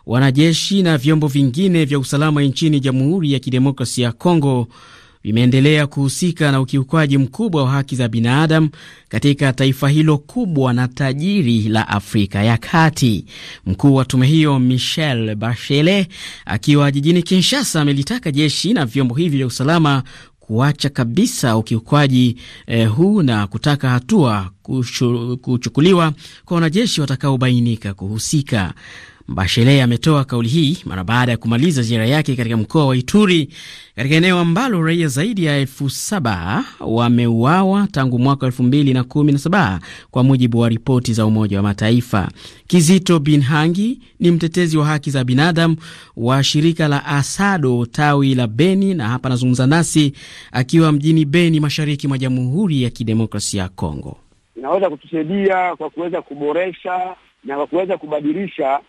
wanajeshi na vyombo vingine vya usalama nchini Jamhuri ya Kidemokrasia ya Kongo vimeendelea kuhusika na ukiukwaji mkubwa wa haki za binadamu katika taifa hilo kubwa na tajiri la Afrika ya Kati. Mkuu wa tume hiyo Michel Bachelet akiwa jijini Kinshasa amelitaka jeshi na vyombo hivi vya usalama kuacha kabisa ukiukwaji eh, huu na kutaka hatua kuchukuliwa kwa wanajeshi watakaobainika kuhusika bashele ametoa kauli hii mara baada ya kumaliza ziara yake katika mkoa wa Ituri, katika eneo ambalo raia zaidi ya elfu saba wameuawa tangu mwaka elfu mbili na kumi na saba kwa mujibu wa ripoti za Umoja wa Mataifa. Kizito Binhangi ni mtetezi wa haki za binadamu wa shirika la ASADO tawi la Beni, na hapa anazungumza nasi akiwa mjini Beni, mashariki mwa Jamhuri ya Kidemokrasia ya Kongo. Inaweza kutusaidia kwa kuweza kuboresha na kwa kuweza kubadilisha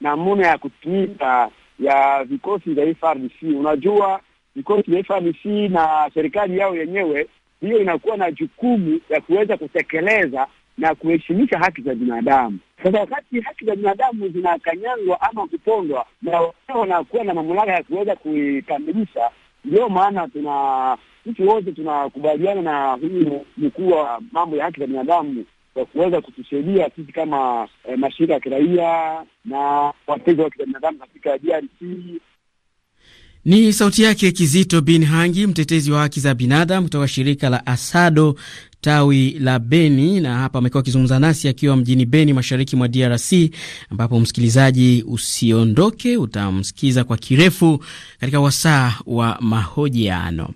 namna ya kutumika ya vikosi vya FARDC. Unajua, vikosi vya FARDC na serikali yao yenyewe hiyo inakuwa na jukumu ya kuweza kutekeleza na kuheshimisha haki za binadamu. Sasa wakati haki za binadamu zinakanyangwa ama kupondwa, na wao wanakuwa na mamlaka ya kuweza kuikamilisha. Ndiyo maana tuna sisi wote tunakubaliana na huyu mkuu wa mambo ya haki za binadamu kwa kuweza kutusaidia sisi kama e, mashirika ya kiraia na wateja wa kibinadamu katika DRC. Ni sauti yake Kizito Bin Hangi, mtetezi wa haki za binadamu kutoka shirika la Asado tawi la Beni, na hapa amekuwa akizungumza nasi akiwa mjini Beni, mashariki mwa DRC, ambapo msikilizaji, usiondoke, utamsikiza kwa kirefu katika wasaa wa mahojiano.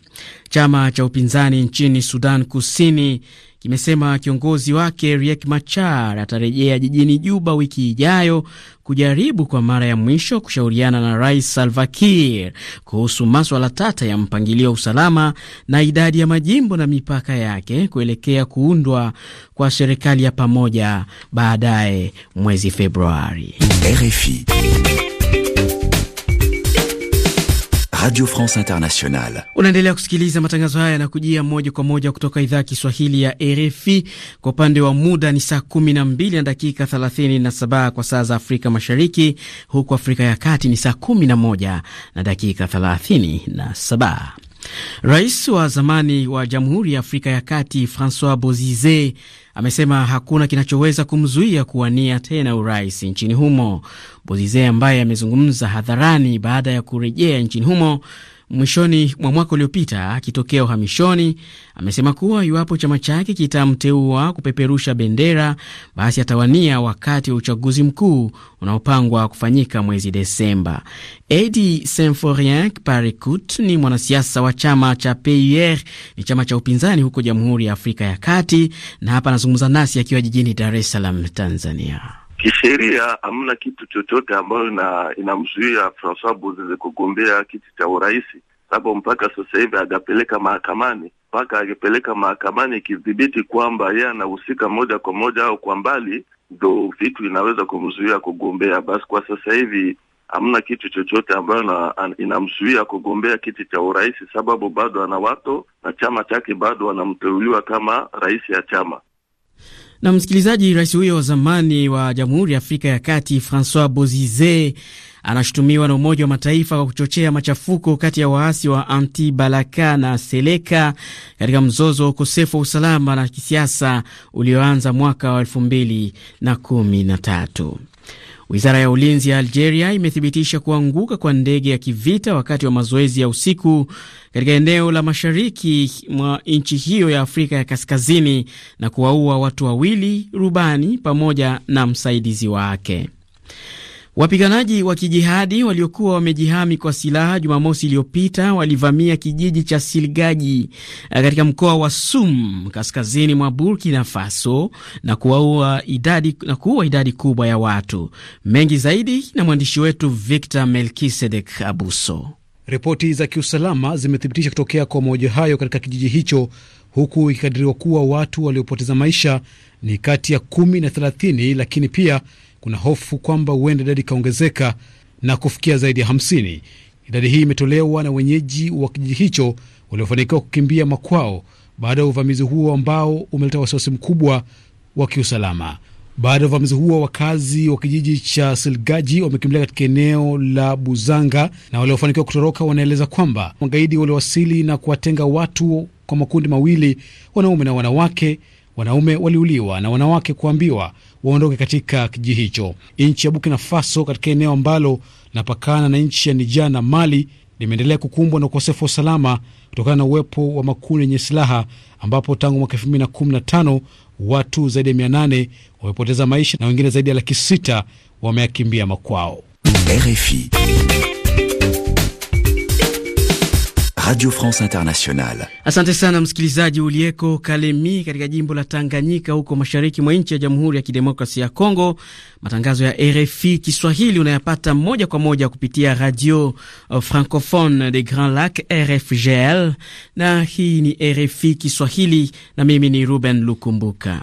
Chama cha upinzani nchini Sudan Kusini kimesema kiongozi wake Riek Machar atarejea jijini Juba wiki ijayo kujaribu kwa mara ya mwisho kushauriana na Rais Salva Kiir kuhusu maswala tata ya mpangilio wa usalama na idadi ya majimbo na mipaka yake kuelekea kuundwa kwa serikali ya pamoja baadaye mwezi Februari. RFI. Radio France Internationale. Unaendelea kusikiliza matangazo haya yanakujia moja kwa moja kutoka idhaa ya Kiswahili ya RFI. Kwa upande wa muda ni saa kumi na mbili na dakika thelathini na saba kwa saa za Afrika Mashariki, huku Afrika ya Kati ni saa kumi na moja na dakika thelathini na saba. Rais wa zamani wa Jamhuri ya Afrika ya Kati Francois Bozize amesema hakuna kinachoweza kumzuia kuwania tena urais nchini humo. Bozize ambaye amezungumza hadharani baada ya kurejea nchini humo mwishoni mwa mwaka uliopita akitokea uhamishoni, amesema kuwa iwapo chama chake kitamteua kupeperusha bendera basi atawania wakati wa uchaguzi mkuu unaopangwa kufanyika mwezi Desemba. Edi Symphorien Parekut ni mwanasiasa wa chama cha PUR, ni chama cha upinzani huko Jamhuri ya Afrika ya Kati, na hapa anazungumza nasi akiwa jijini Dar es Salaam, Tanzania. Kisheria hamna kitu chochote ambayo inamzuia Francois Bozize kugombea kiti cha urais, sababu mpaka sasa hivi hajapeleka mahakamani. Mpaka akipeleka mahakamani, ikidhibiti kwamba yeye anahusika moja kwa moja au kwa mbali, ndo vitu inaweza kumzuia kugombea. Basi kwa sasa hivi hamna kitu chochote ambayo inamzuia kugombea kiti cha urais, sababu bado ana wato na chama chake bado anamteuliwa kama rais ya chama. Na msikilizaji, rais huyo wa zamani wa Jamhuri ya Afrika ya Kati Francois Bozize anashutumiwa na Umoja wa Mataifa kwa kuchochea machafuko kati ya waasi wa Anti Balaka na Seleka katika mzozo wa ukosefu wa usalama na kisiasa ulioanza mwaka wa elfu mbili na kumi na tatu. Wizara ya ulinzi ya Algeria imethibitisha kuanguka kwa ndege ya kivita wakati wa mazoezi ya usiku katika eneo la mashariki mwa nchi hiyo ya Afrika ya Kaskazini na kuwaua watu wawili, rubani pamoja na msaidizi wake. Wapiganaji wa kijihadi waliokuwa wamejihami kwa silaha Jumamosi iliyopita walivamia kijiji cha Silgaji eh, katika mkoa wa Sum kaskazini mwa Burkina Faso na kuua idadi, na kuua idadi kubwa ya watu. Mengi zaidi na mwandishi wetu Victor Melkisedek Abuso. Ripoti za kiusalama zimethibitisha kutokea kwa mauaji hayo katika kijiji hicho, huku ikikadiriwa kuwa watu waliopoteza maisha ni kati ya kumi na thelathini, lakini pia kuna hofu kwamba huenda idadi ikaongezeka na kufikia zaidi ya hamsini. Idadi hii imetolewa na wenyeji wa kijiji hicho waliofanikiwa kukimbia makwao baada ya uvamizi huo ambao umeleta wasiwasi mkubwa wa kiusalama. Baada ya uvamizi huo, wakazi wa kijiji cha Silgaji wamekimbilia katika eneo la Buzanga, na waliofanikiwa kutoroka wanaeleza kwamba magaidi waliwasili na kuwatenga watu kwa makundi mawili, wanaume na wanawake. Wanaume waliuliwa na wanawake kuambiwa waondoke katika kijiji hicho. Nchi ya Burkina Faso, katika eneo ambalo linapakana na nchi ya Nija na Mali, limeendelea kukumbwa na ukosefu wa usalama kutokana na uwepo wa makundi yenye silaha, ambapo tangu mwaka 2015 watu zaidi ya mia nane wamepoteza maisha na wengine zaidi ya laki sita wameakimbia makwao. RFI. Radio France Internationale. Asante sana msikilizaji ulieko Kalemi katika jimbo la Tanganyika huko mashariki mwa nchi ya Jamhuri ya Kidemokrasi ya Kongo. Matangazo ya RFI Kiswahili unayapata moja kwa moja kupitia Radio uh, Francophone des Grands Lacs RFGL, na hii ni RFI Kiswahili na mimi ni Ruben Lukumbuka.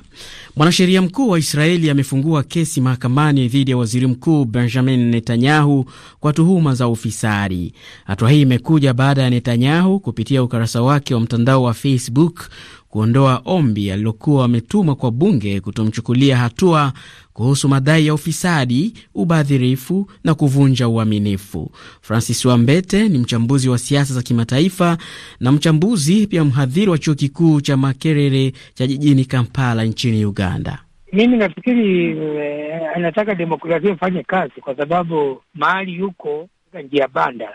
Mwanasheria mkuu wa Israeli amefungua kesi mahakamani dhidi ya waziri mkuu Benjamin Netanyahu kwa tuhuma za ufisadi. Hatua hii imekuja baada ya Netanyahu Netanyahu kupitia ukurasa wake wa mtandao wa Facebook kuondoa ombi alilokuwa wametumwa kwa bunge kutomchukulia hatua kuhusu madai ya ufisadi, ubadhirifu na kuvunja uaminifu. Francis Wambete ni mchambuzi wa siasa za kimataifa na mchambuzi pia mhadhiri wa chuo kikuu cha Makerere cha jijini Kampala nchini Uganda. Mimi nafikiri eh, anataka demokrasia ifanye kazi kwa sababu mahali yuko njia banda,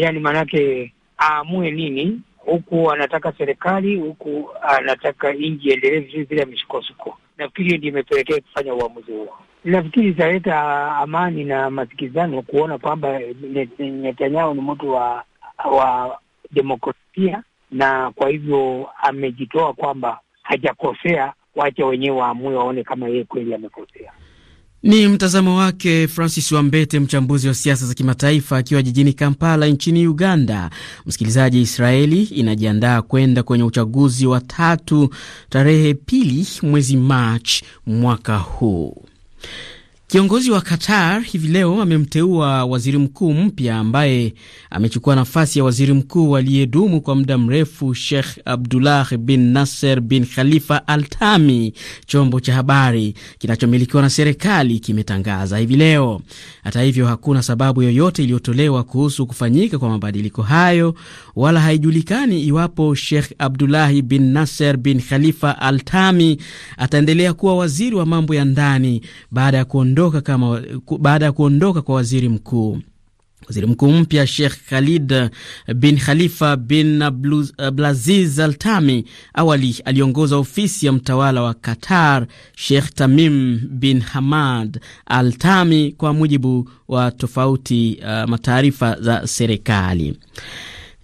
yaani maanake aamue nini, huku anataka serikali, huku anataka nji endelee vizuri bila misukosuko. Nafikiri hiyo ndio imepelekea kufanya uamuzi huo. Nafikiri italeta amani na masikizano, kuona kwamba Netanyahu ni mtu wa wa demokrasia, na kwa hivyo amejitoa kwamba hajakosea, wacha wenyewe waamue, waone kama yeye kweli amekosea. Ni mtazamo wake Francis Wambete, mchambuzi wa siasa za kimataifa akiwa jijini Kampala nchini Uganda. Msikilizaji, Israeli inajiandaa kwenda kwenye uchaguzi wa tatu tarehe pili mwezi Machi mwaka huu. Kiongozi wa Qatar hivi leo amemteua waziri mkuu mpya ambaye amechukua nafasi ya waziri mkuu aliyedumu kwa muda mrefu Sheikh Abdullah bin Nasser bin Khalifa Al Thani, chombo cha habari kinachomilikiwa na serikali kimetangaza hivi leo. Hata hivyo, hakuna sababu yoyote iliyotolewa kuhusu kufanyika kwa mabadiliko hayo, wala haijulikani iwapo Sheikh Abdullah bin Nasser bin Khalifa Al Thani ataendelea kuwa waziri wa mambo ya ndani baada ya kuondoka kuondoka kama baada ya kuondoka kwa waziri mkuu. Waziri mkuu mpya Sheikh Khalid bin Khalifa bin Abdulaziz Al Thani awali aliongoza ofisi ya mtawala wa Qatar Sheikh Tamim bin Hamad Al Thani, kwa mujibu wa tofauti uh, mataarifa za serikali.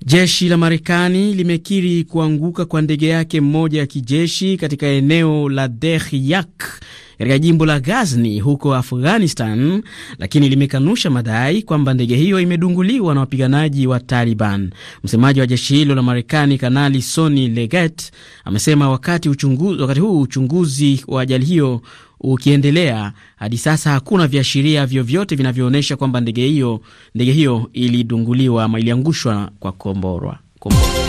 Jeshi la Marekani limekiri kuanguka kwa ndege yake mmoja ya kijeshi katika eneo la Deh Yak katika jimbo la Ghazni huko Afghanistan, lakini limekanusha madai kwamba ndege hiyo imedunguliwa na wapiganaji wa Taliban. Msemaji wa jeshi hilo la Marekani, Kanali Sony Leggett, amesema wakati uchunguzi, wakati huu uchunguzi wa ajali hiyo ukiendelea hadi sasa hakuna viashiria vyovyote vinavyoonyesha kwamba ndege hiyo ndege hiyo ilidunguliwa ama iliangushwa kwa komborwa kombora.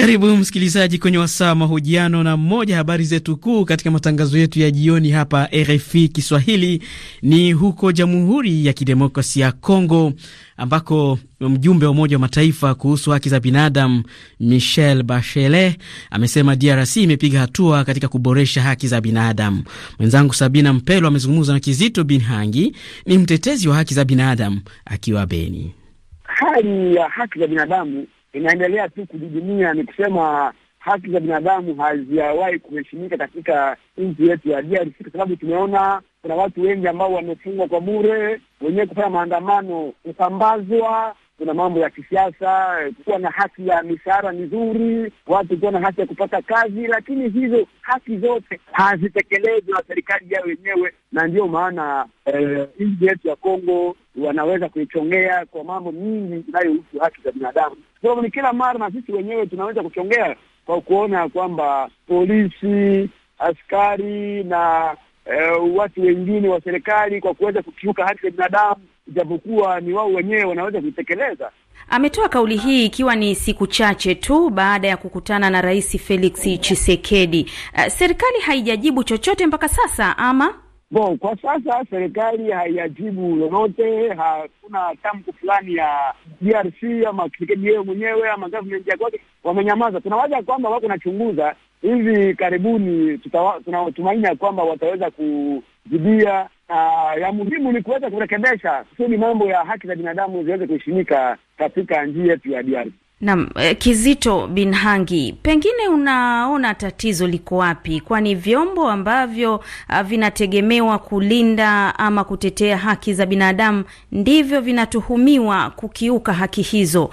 Karibu msikilizaji kwenye wasaa mahojiano na mmoja. Habari zetu kuu katika matangazo yetu ya jioni hapa RFI Kiswahili ni huko Jamhuri ya Kidemokrasi ya congo ambako mjumbe wa Umoja wa Mataifa kuhusu haki za binadamu Michel Bachelet amesema DRC imepiga hatua katika kuboresha haki za binadamu. Mwenzangu Sabina Mpelo amezungumza na Kizito Binhangi, ni mtetezi wa haki za binadamu akiwa Beni. Hali ya haki za binadamu inaendelea tu kudidimia. Ni kusema haki za binadamu hazijawahi kuheshimika katika nchi yetu ya DRC, kwa sababu tumeona kuna watu wengi ambao wamefungwa kwa bure, wenyewe kufanya maandamano, kusambazwa kuna mambo ya kisiasa, eh, kuwa na haki ya mishahara mizuri, watu kuwa na haki ya kupata kazi, lakini hizo haki zote hazitekelezwi na serikali yao wenyewe, na ndiyo maana eh, nchi yetu ya Kongo wanaweza kuichongea kwa mambo mingi inayohusu haki za binadamu, So, ni kila mara na sisi wenyewe tunaweza kuchongea kwa kuona kwamba polisi, askari na uh, watu wengine wa serikali kwa kuweza kukiuka haki za binadamu, ijapokuwa ni wao wenyewe wanaweza kuitekeleza. Ametoa kauli hii ikiwa ni siku chache tu baada ya kukutana na Rais Felix Tshisekedi. Uh, serikali haijajibu chochote mpaka sasa ama Bo, kwa sasa serikali haijajibu lolote. Hakuna tamko fulani ya DRC ama Tshisekedi yeye mwenyewe ama government ya kwake, wamenyamaza. Tunawaza kwamba wako nachunguza, hivi karibuni tunatumaini ya kwamba wataweza kujibia, na ya muhimu ni kuweza kurekebesha kusudi mambo ya haki za binadamu ziweze kuheshimika katika njia yetu ya DRC. Naam, eh, Kizito Binhangi, pengine unaona tatizo liko wapi? Kwani vyombo ambavyo ah, vinategemewa kulinda ama kutetea haki za binadamu ndivyo vinatuhumiwa kukiuka haki hizo.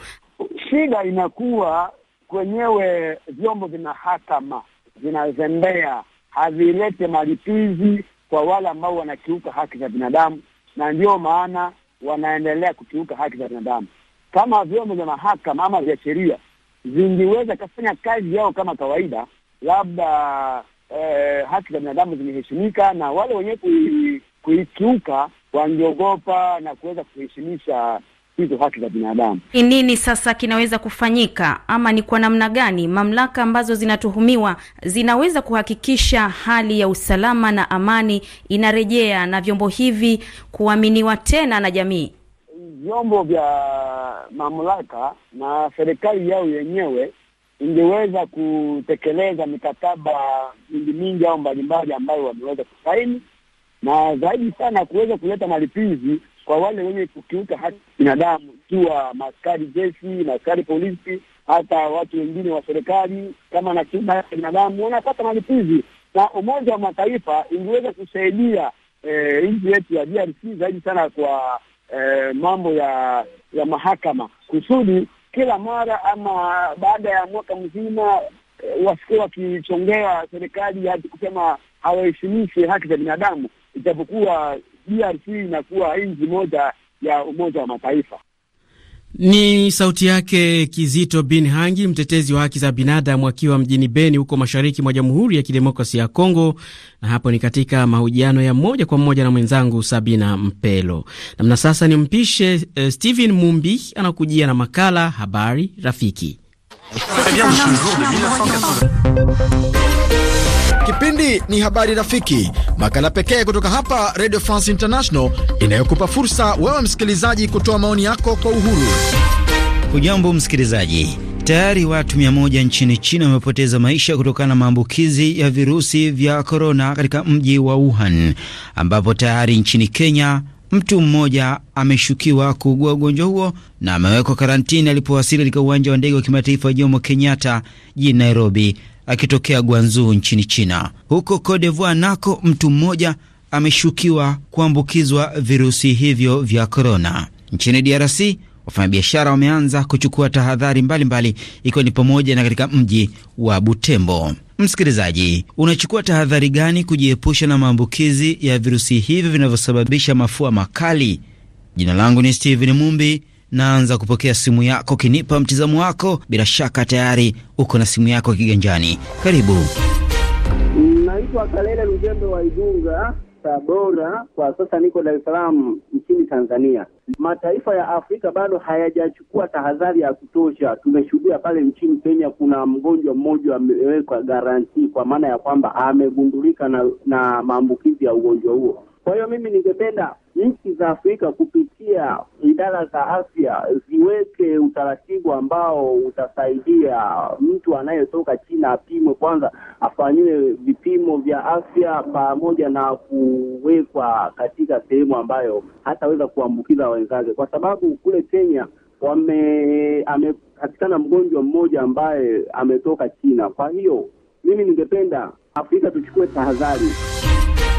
Shida inakuwa kwenyewe vyombo vya mahakama vinazembea, havilete malipizi kwa wale ambao wanakiuka haki za binadamu, na ndiyo maana wanaendelea kukiuka haki za binadamu. Kama vyombo vya mahakama ama vya sheria vingiweza kafanya kazi yao kama kawaida, labda eh, haki za binadamu zimeheshimika na wale wenyewe kuikiuka wangeogopa na kuweza kuheshimisha hizo haki za binadamu. Ni nini sasa kinaweza kufanyika, ama ni kwa namna gani mamlaka ambazo zinatuhumiwa zinaweza kuhakikisha hali ya usalama na amani inarejea na vyombo hivi kuaminiwa tena na jamii? Vyombo vya mamlaka na serikali yao yenyewe ingeweza kutekeleza mikataba mingi mingi au mbalimbali ambayo wameweza kusaini, na zaidi sana kuweza kuleta malipizi kwa wale wenye kukiuka haki binadamu, ikiwa maaskari jeshi, maaskari polisi, hata watu wengine wa serikali, kama nakiuka haki binadamu wanapata malipizi, na Umoja wa Mataifa ingeweza kusaidia eh, nchi yetu ya DRC zaidi sana kwa eh, mambo ya ya mahakama kusudi kila mara ama baada ya mwaka mzima eh, wasikuwa wakichongea serikali hadi kusema hawaheshimishi haki za binadamu, ijapokuwa DRC inakuwa nchi moja ya Umoja wa Mataifa. Ni sauti yake Kizito Bin Hangi, mtetezi wa haki za binadamu akiwa mjini Beni huko mashariki mwa Jamhuri ya Kidemokrasia ya Kongo. Na hapo ni katika mahojiano ya moja kwa moja na mwenzangu Sabina Mpelo. Namna sasa ni mpishe uh, Steven Mumbi anakujia na makala Habari Rafiki. Kipindi ni Habari Rafiki, makala pekee kutoka hapa Radio France International inayokupa fursa wewe msikilizaji kutoa maoni yako kwa uhuru. Hujambo msikilizaji, tayari watu 1 nchini China wamepoteza maisha kutokana na maambukizi ya virusi vya korona katika mji wa Wuhan, ambapo tayari nchini Kenya mtu mmoja ameshukiwa kuugua ugonjwa huo na amewekwa karantini alipowasili katika uwanja wa ndege wa kimataifa wa Jomo Kenyatta jijini Nairobi akitokea Guangzhou nchini China. Huko Cote d'Ivoire nako mtu mmoja ameshukiwa kuambukizwa virusi hivyo vya korona. Nchini DRC wafanyabiashara wameanza kuchukua tahadhari mbalimbali, ikiwa ni pamoja na katika mji wa Butembo. Msikilizaji, unachukua tahadhari gani kujiepusha na maambukizi ya virusi hivi vinavyosababisha mafua makali? Jina langu ni Steven Mumbi naanza kupokea simu yako, kinipa mtizamo wako. Bila shaka tayari uko na simu yako kiganjani. Karibu. Naitwa Kalele Lujembe wa Igunga, Tabora. Kwa sasa niko Dar es Salaam nchini Tanzania. Mataifa ya Afrika bado hayajachukua tahadhari ya kutosha. Tumeshuhudia pale nchini Kenya, kuna mgonjwa mmoja amewekwa garanti, kwa maana ya kwamba amegundulika na, na maambukizi ya ugonjwa huo kwa hiyo mimi ningependa nchi za Afrika kupitia idara za afya ziweke utaratibu ambao utasaidia mtu anayetoka China apimwe kwanza, afanyiwe vipimo vya afya pamoja na kuwekwa katika sehemu ambayo hataweza kuambukiza wenzake, kwa sababu kule Kenya wame amepatikana mgonjwa mmoja ambaye ametoka China. Kwa hiyo mimi ningependa Afrika tuchukue tahadhari.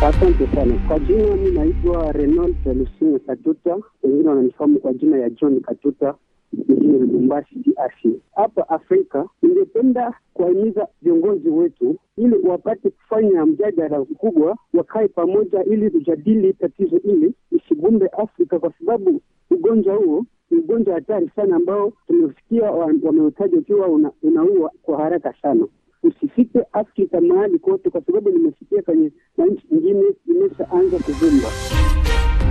Asante sana kwa jina, mi naitwa Renal Felusini Katuta, wengine wananifahamu kwa jina ya John Katuta, mjini Lubumbashi DRC. Hapa Afrika, ningependa kuwahimiza viongozi wetu ili wapate kufanya mjadala mkubwa, wakae pamoja ili tujadili tatizo ili isigumbe Afrika, kwa sababu ugonjwa huo ni ugonjwa hatari sana ambao tumesikia wameutaja ukiwa unaua una kwa haraka sana usifike Afrika mahali kote, kwa sababu nimesikia kwenye na nchi nyingine imeshaanza kuzumba.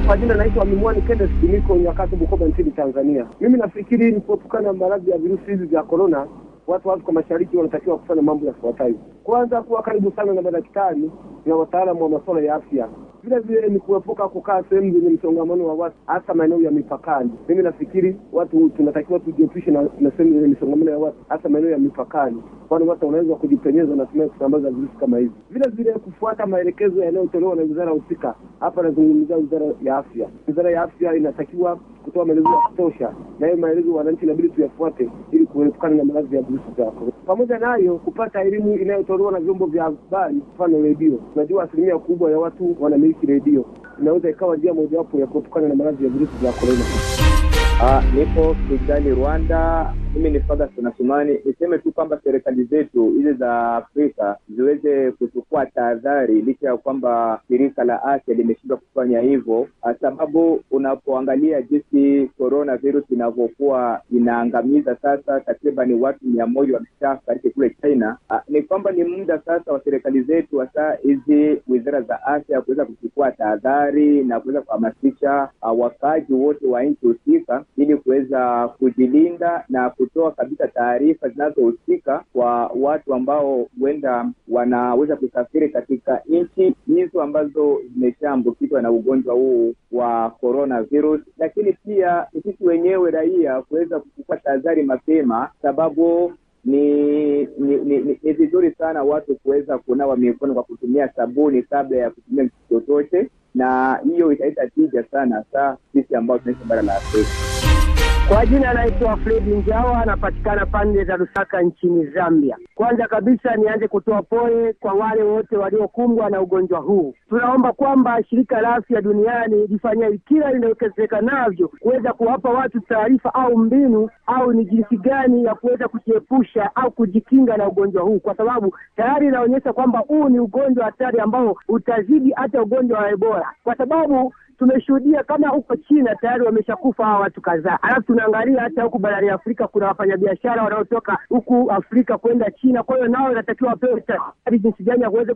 Kwa jina naitwa Mimwani kendes niko Nyakato, Bukoba nchini Tanzania. Mimi nafikiri ni kuepukana na maradhi ya virusi hivi vya korona, watu wa Afrika Mashariki wanatakiwa kufanya mambo yafuatayo. Kwanza, kuwa karibu sana na madaktari na wataalamu wa masuala ya afya. Vile vile ni kuepuka kukaa sehemu zenye msongamano wa watu, hasa maeneo ya mipakani. Mimi nafikiri watu tunatakiwa tujiepushe na, na sehemu zenye msongamano ya watu, hasa maeneo ya mipakani, kwani watu wanaweza kujipenyeza na kusambaza virusi kama hivi. Vile vile kufuata maelekezo yanayotolewa na wizara husika. Hapa nazungumzia wizara ya afya. Wizara ya afya inatakiwa kutoa maelezo ya kutosha, na hiyo maelezo wananchi inabidi tuyafuate ili kuepukana na maradhi ya virusi vya korona. Pamoja nayo kupata elimu inayotolewa linalotolewa na vyombo vya habari, mfano redio. Tunajua asilimia kubwa ya watu wanamiliki redio, inaweza ikawa njia mojawapo ya kuepukana na maradhi ya virusi vya korona. Ah, nipo Kigali, Rwanda. Mimi ni Ferguson Asumani. Niseme tu kwamba serikali zetu hizi za Afrika ziweze kuchukua tahadhari, licha ya kwamba shirika la afya limeshindwa kufanya hivyo, sababu unapoangalia jinsi corona virus inavyokuwa inaangamiza sasa, takriban watu mia moja katika kule China. Ah, ni kwamba ni muda sasa wa serikali zetu, hasa hizi wizara za afya, kuweza kuchukua tahadhari na kuweza kuhamasisha ah, wakaaji wote wa nchi husika ili kuweza kujilinda na kutoa kabisa taarifa zinazohusika kwa watu ambao huenda wanaweza kusafiri katika nchi hizo ambazo zimeshaambukizwa na ugonjwa huu wa coronavirus, lakini pia sisi wenyewe raia kuweza kuchukua tahadhari mapema, sababu ni ni, ni ni vizuri sana watu kuweza kunawa mikono kwa kutumia sabuni kabla ya kutumia kitu chochote, na hiyo italeta tija sana, saa sisi ambao tunaishi bara la Afrika. Kwa jina naitwa Fred Njawa, anapatikana pande za Lusaka nchini Zambia. Kwanza kabisa nianze kutoa pole kwa wale wote waliokumbwa na ugonjwa huu. Tunaomba kwamba shirika la afya duniani lifanya kila linawezekanavyo kuweza kuwapa watu taarifa au mbinu au ni jinsi gani ya kuweza kujiepusha au kujikinga na ugonjwa huu, kwa sababu tayari inaonyesha kwamba huu ni ugonjwa hatari ambao utazidi hata ugonjwa wa Ebola, kwa sababu tumeshuhudia kama huko China tayari wameshakufa hawa watu kadhaa, alafu tunaangalia hata huku barani Afrika kuna wafanyabiashara wanaotoka huku Afrika kwenda China. Kwa hiyo nao inatakiwa wapewe tahadhari jinsi gani ya kuweza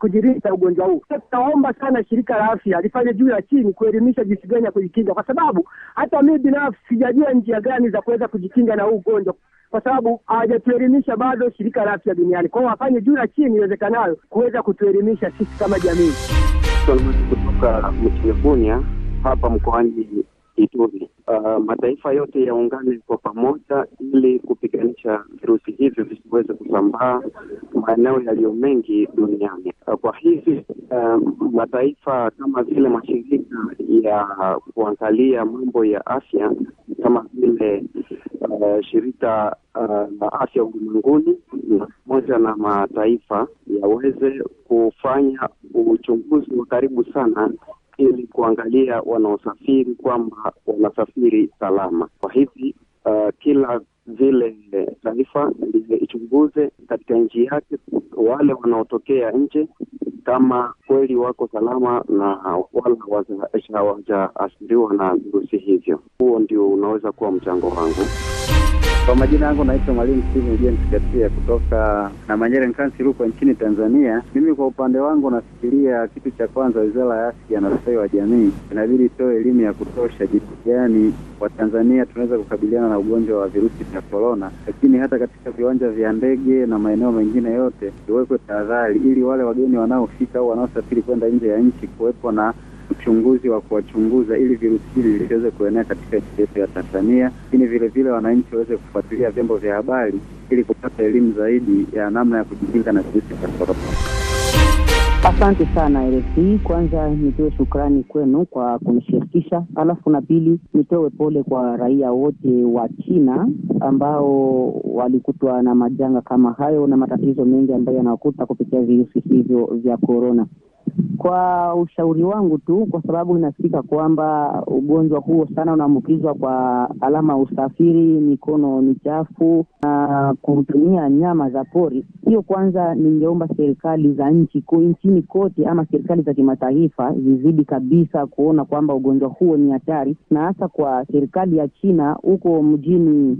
kujirinda ugonjwa huu. Tunaomba sana shirika la afya lifanye juu ya chini kuelimisha jinsi gani ya kujikinga, kwa sababu hata mi binafsi sijajua njia gani za kuweza kujikinga na huu ugonjwa kwa sababu hawajatuelimisha bado shirika la afya duniani. Kwao wafanye juu na chini iwezekanayo kuweza kutuelimisha sisi kama jamii. Naitwa kutoka kutoka Mchenevunya hapa mkoani Ituri. Uh, mataifa yote yaungane kwa pamoja ili kupiganisha virusi hivyo visiweze kusambaa maeneo yaliyo mengi duniani. Uh, kwa hivi uh, mataifa kama vile mashirika ya kuangalia mambo ya afya kama vile uh, shirika eh, la uh, afya ulimwenguni pamoja na mataifa yaweze kufanya uchunguzi wa karibu sana ili kuangalia wanaosafiri kwamba wanasafiri salama. Kwa hivi uh, kila vile taifa ichunguze katika nchi yake wale wanaotokea nje kama kweli wako salama na wala hawajaasiriwa na virusi hivyo. Huo ndio unaweza kuwa mchango wangu. Kwa majina yangu naitwa Mwalimu Steven James Katia kutoka na manyere Nkansi, Rukwa nchini Tanzania. Mimi kwa upande wangu nafikiria kitu cha kwanza, Wizara ya Afya na Ustawi wa Jamii inabidi itoe elimu ya kutosha jinsi gani Watanzania tunaweza kukabiliana na ugonjwa wa virusi vya korona, lakini hata katika viwanja vya ndege na maeneo mengine yote iwekwe tahadhari, ili wale wageni wanaofika au wanaosafiri kwenda nje ya nchi kuwepo na uchunguzi wa kuwachunguza ili virusi hili lisiweze kuenea katika nchi yetu ya Tanzania, lakini vilevile wananchi waweze kufuatilia vyombo vya habari ili kupata elimu zaidi ya namna ya kujikinga na virusi vya korona. Asante sana RFI. Kwanza nitoe shukrani kwenu kwa kunishirikisha, alafu na pili nitoe pole kwa raia wote wa China ambao walikutwa na majanga kama hayo na matatizo mengi ambayo yanawakuta kupitia virusi hivyo vya korona. Kwa ushauri wangu tu, kwa sababu inasikika kwamba ugonjwa huo sana unaambukizwa kwa alama ya usafiri, mikono michafu na kutumia nyama za pori. Hiyo kwanza, ningeomba serikali za nchi nchini kote ama serikali za kimataifa zizidi kabisa kuona kwamba ugonjwa huo ni hatari, na hasa kwa serikali ya China huko mjini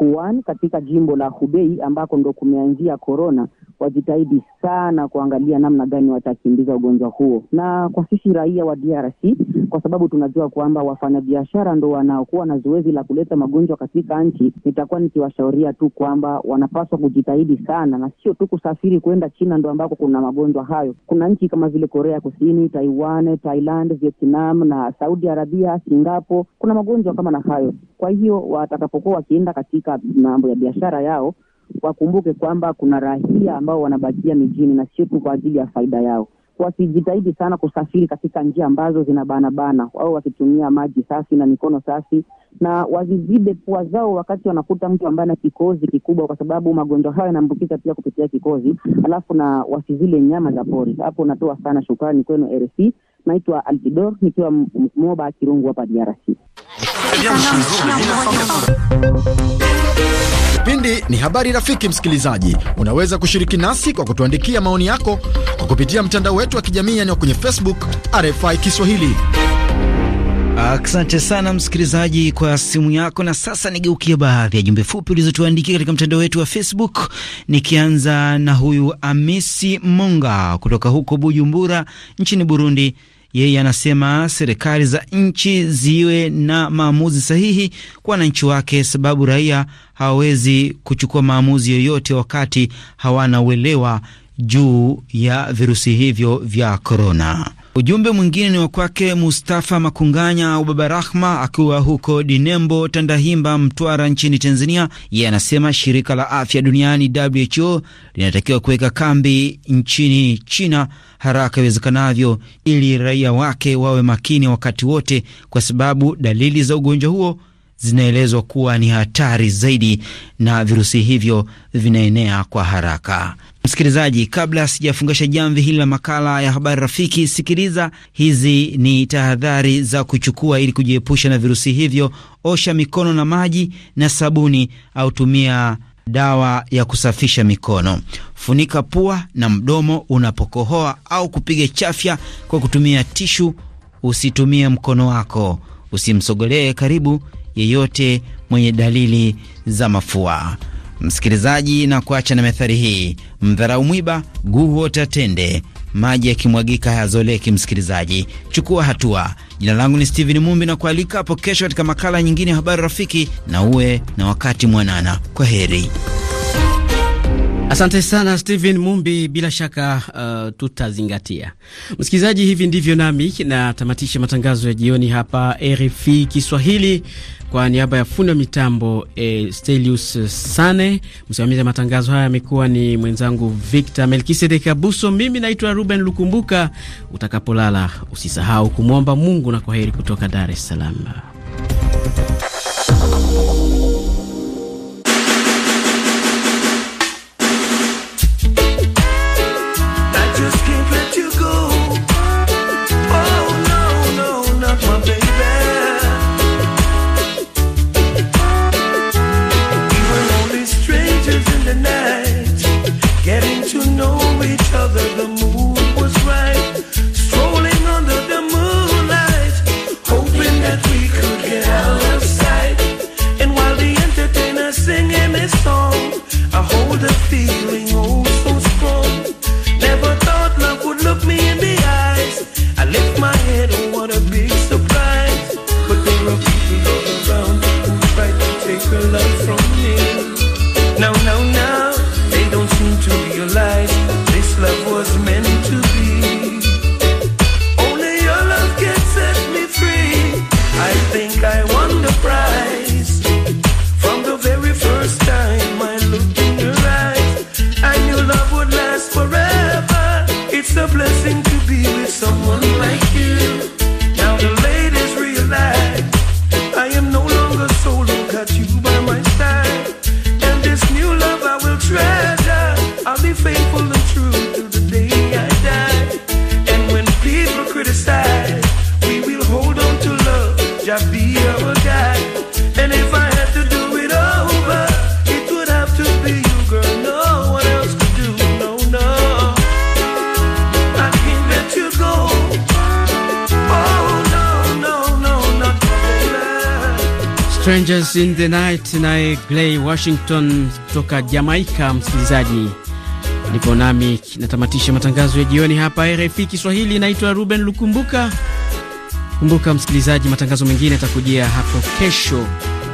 Wuhan katika jimbo la Hubei ambako ndo kumeanzia korona wajitahidi sana kuangalia namna gani watakimbiza ugonjwa huo, na kwa sisi raia wa DRC, kwa sababu tunajua kwamba wafanyabiashara ndo wanaokuwa na zoezi la kuleta magonjwa katika nchi, nitakuwa nikiwashauria tu kwamba wanapaswa kujitahidi sana, na sio tu kusafiri kwenda China ndo ambako kuna magonjwa hayo. Kuna nchi kama vile Korea Kusini, Taiwan, Thailand, Vietnam na Saudi Arabia, Singapore, kuna magonjwa kama na hayo. Kwa hiyo watakapokuwa wakienda katika mambo ya biashara yao wakumbuke kwamba kuna rahia ambao wanabakia mijini na sio tu kwa ajili ya faida yao. Wasijitahidi sana kusafiri katika njia ambazo zinabanabana au wakitumia maji safi na mikono safi, na wazizibe pua zao wakati wanakuta mtu ambaye ana kikozi kikubwa, kwa sababu magonjwa hayo yanaambukiza pia kupitia kikozi. Alafu na wasizile nyama za pori. Hapo natoa sana shukrani kwenu rc Naitwa Altidor nikiwa Moba Kirungu hapa DRC. Eh, Kipindi ni habari rafiki. Msikilizaji, unaweza kushiriki nasi kwa kutuandikia maoni yako kwa kupitia mtandao wetu wa kijamii yani kwenye Facebook RFI Kiswahili. Asante sana msikilizaji kwa simu yako, na sasa nigeukie baadhi ya jumbe fupi ulizotuandikia katika mtandao wetu wa Facebook, nikianza na huyu Amisi Monga kutoka huko Bujumbura nchini Burundi. Yeye anasema serikali za nchi ziwe na maamuzi sahihi kwa wananchi wake, sababu raia hawawezi kuchukua maamuzi yoyote wakati hawana uelewa juu ya virusi hivyo vya korona. Ujumbe mwingine ni wa kwake Mustafa Makunganya au Baba Rahma akiwa huko Dinembo, Tandahimba, Mtwara nchini Tanzania. Yeye anasema shirika la afya duniani WHO linatakiwa kuweka kambi nchini China haraka iwezekanavyo, ili raia wake wawe makini wakati wote, kwa sababu dalili za ugonjwa huo zinaelezwa kuwa ni hatari zaidi na virusi hivyo vinaenea kwa haraka. Msikilizaji, kabla sijafungasha jamvi hili la makala ya habari rafiki, sikiliza hizi ni tahadhari za kuchukua ili kujiepusha na virusi hivyo. Osha mikono na maji na sabuni au tumia dawa ya kusafisha mikono. Funika pua na mdomo unapokohoa au kupiga chafya kwa kutumia tishu. Usitumie mkono wako. usimsogolee karibu yeyote mwenye dalili za mafua. Msikilizaji, na kuacha na methali hii, mdharau mwiba guu wote atende maji yakimwagika hayazoleki. Msikilizaji, chukua hatua. Jina langu ni Steven Mumbi na kualika hapo kesho katika makala nyingine ya Habari Rafiki, na uwe na wakati mwanana. Kwa heri. Asante sana Steven Mumbi, bila shaka uh, tutazingatia. Msikilizaji, hivi ndivyo nami natamatisha matangazo ya jioni hapa RFI Kiswahili kwa niaba ya fundi wa mitambo eh, Stelius Sane. Msimamizi wa matangazo haya amekuwa ni mwenzangu Victor Melkisedek Abuso. Mimi naitwa Ruben Lukumbuka. Utakapolala usisahau kumwomba Mungu na kwaheri kutoka Dar es Salaam. in the Night naye Gray Washington kutoka jamaika Msikilizaji ndipo nami natamatisha matangazo ya jioni hapa RFI Kiswahili. Naitwa Ruben Lukumbuka. Kumbuka msikilizaji, matangazo mengine yatakujia hapo kesho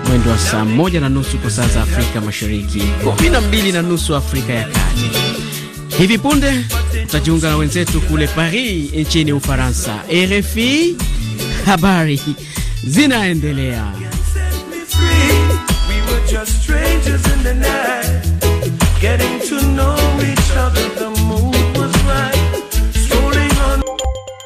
mwendo wa saa moja na nusu kwa saa za Afrika Mashariki, kumi na mbili na nusu Afrika ya Kati. Hivi punde utajiunga na wenzetu kule Paris nchini Ufaransa. RFI habari zinaendelea. are strangers in the night, getting to know each other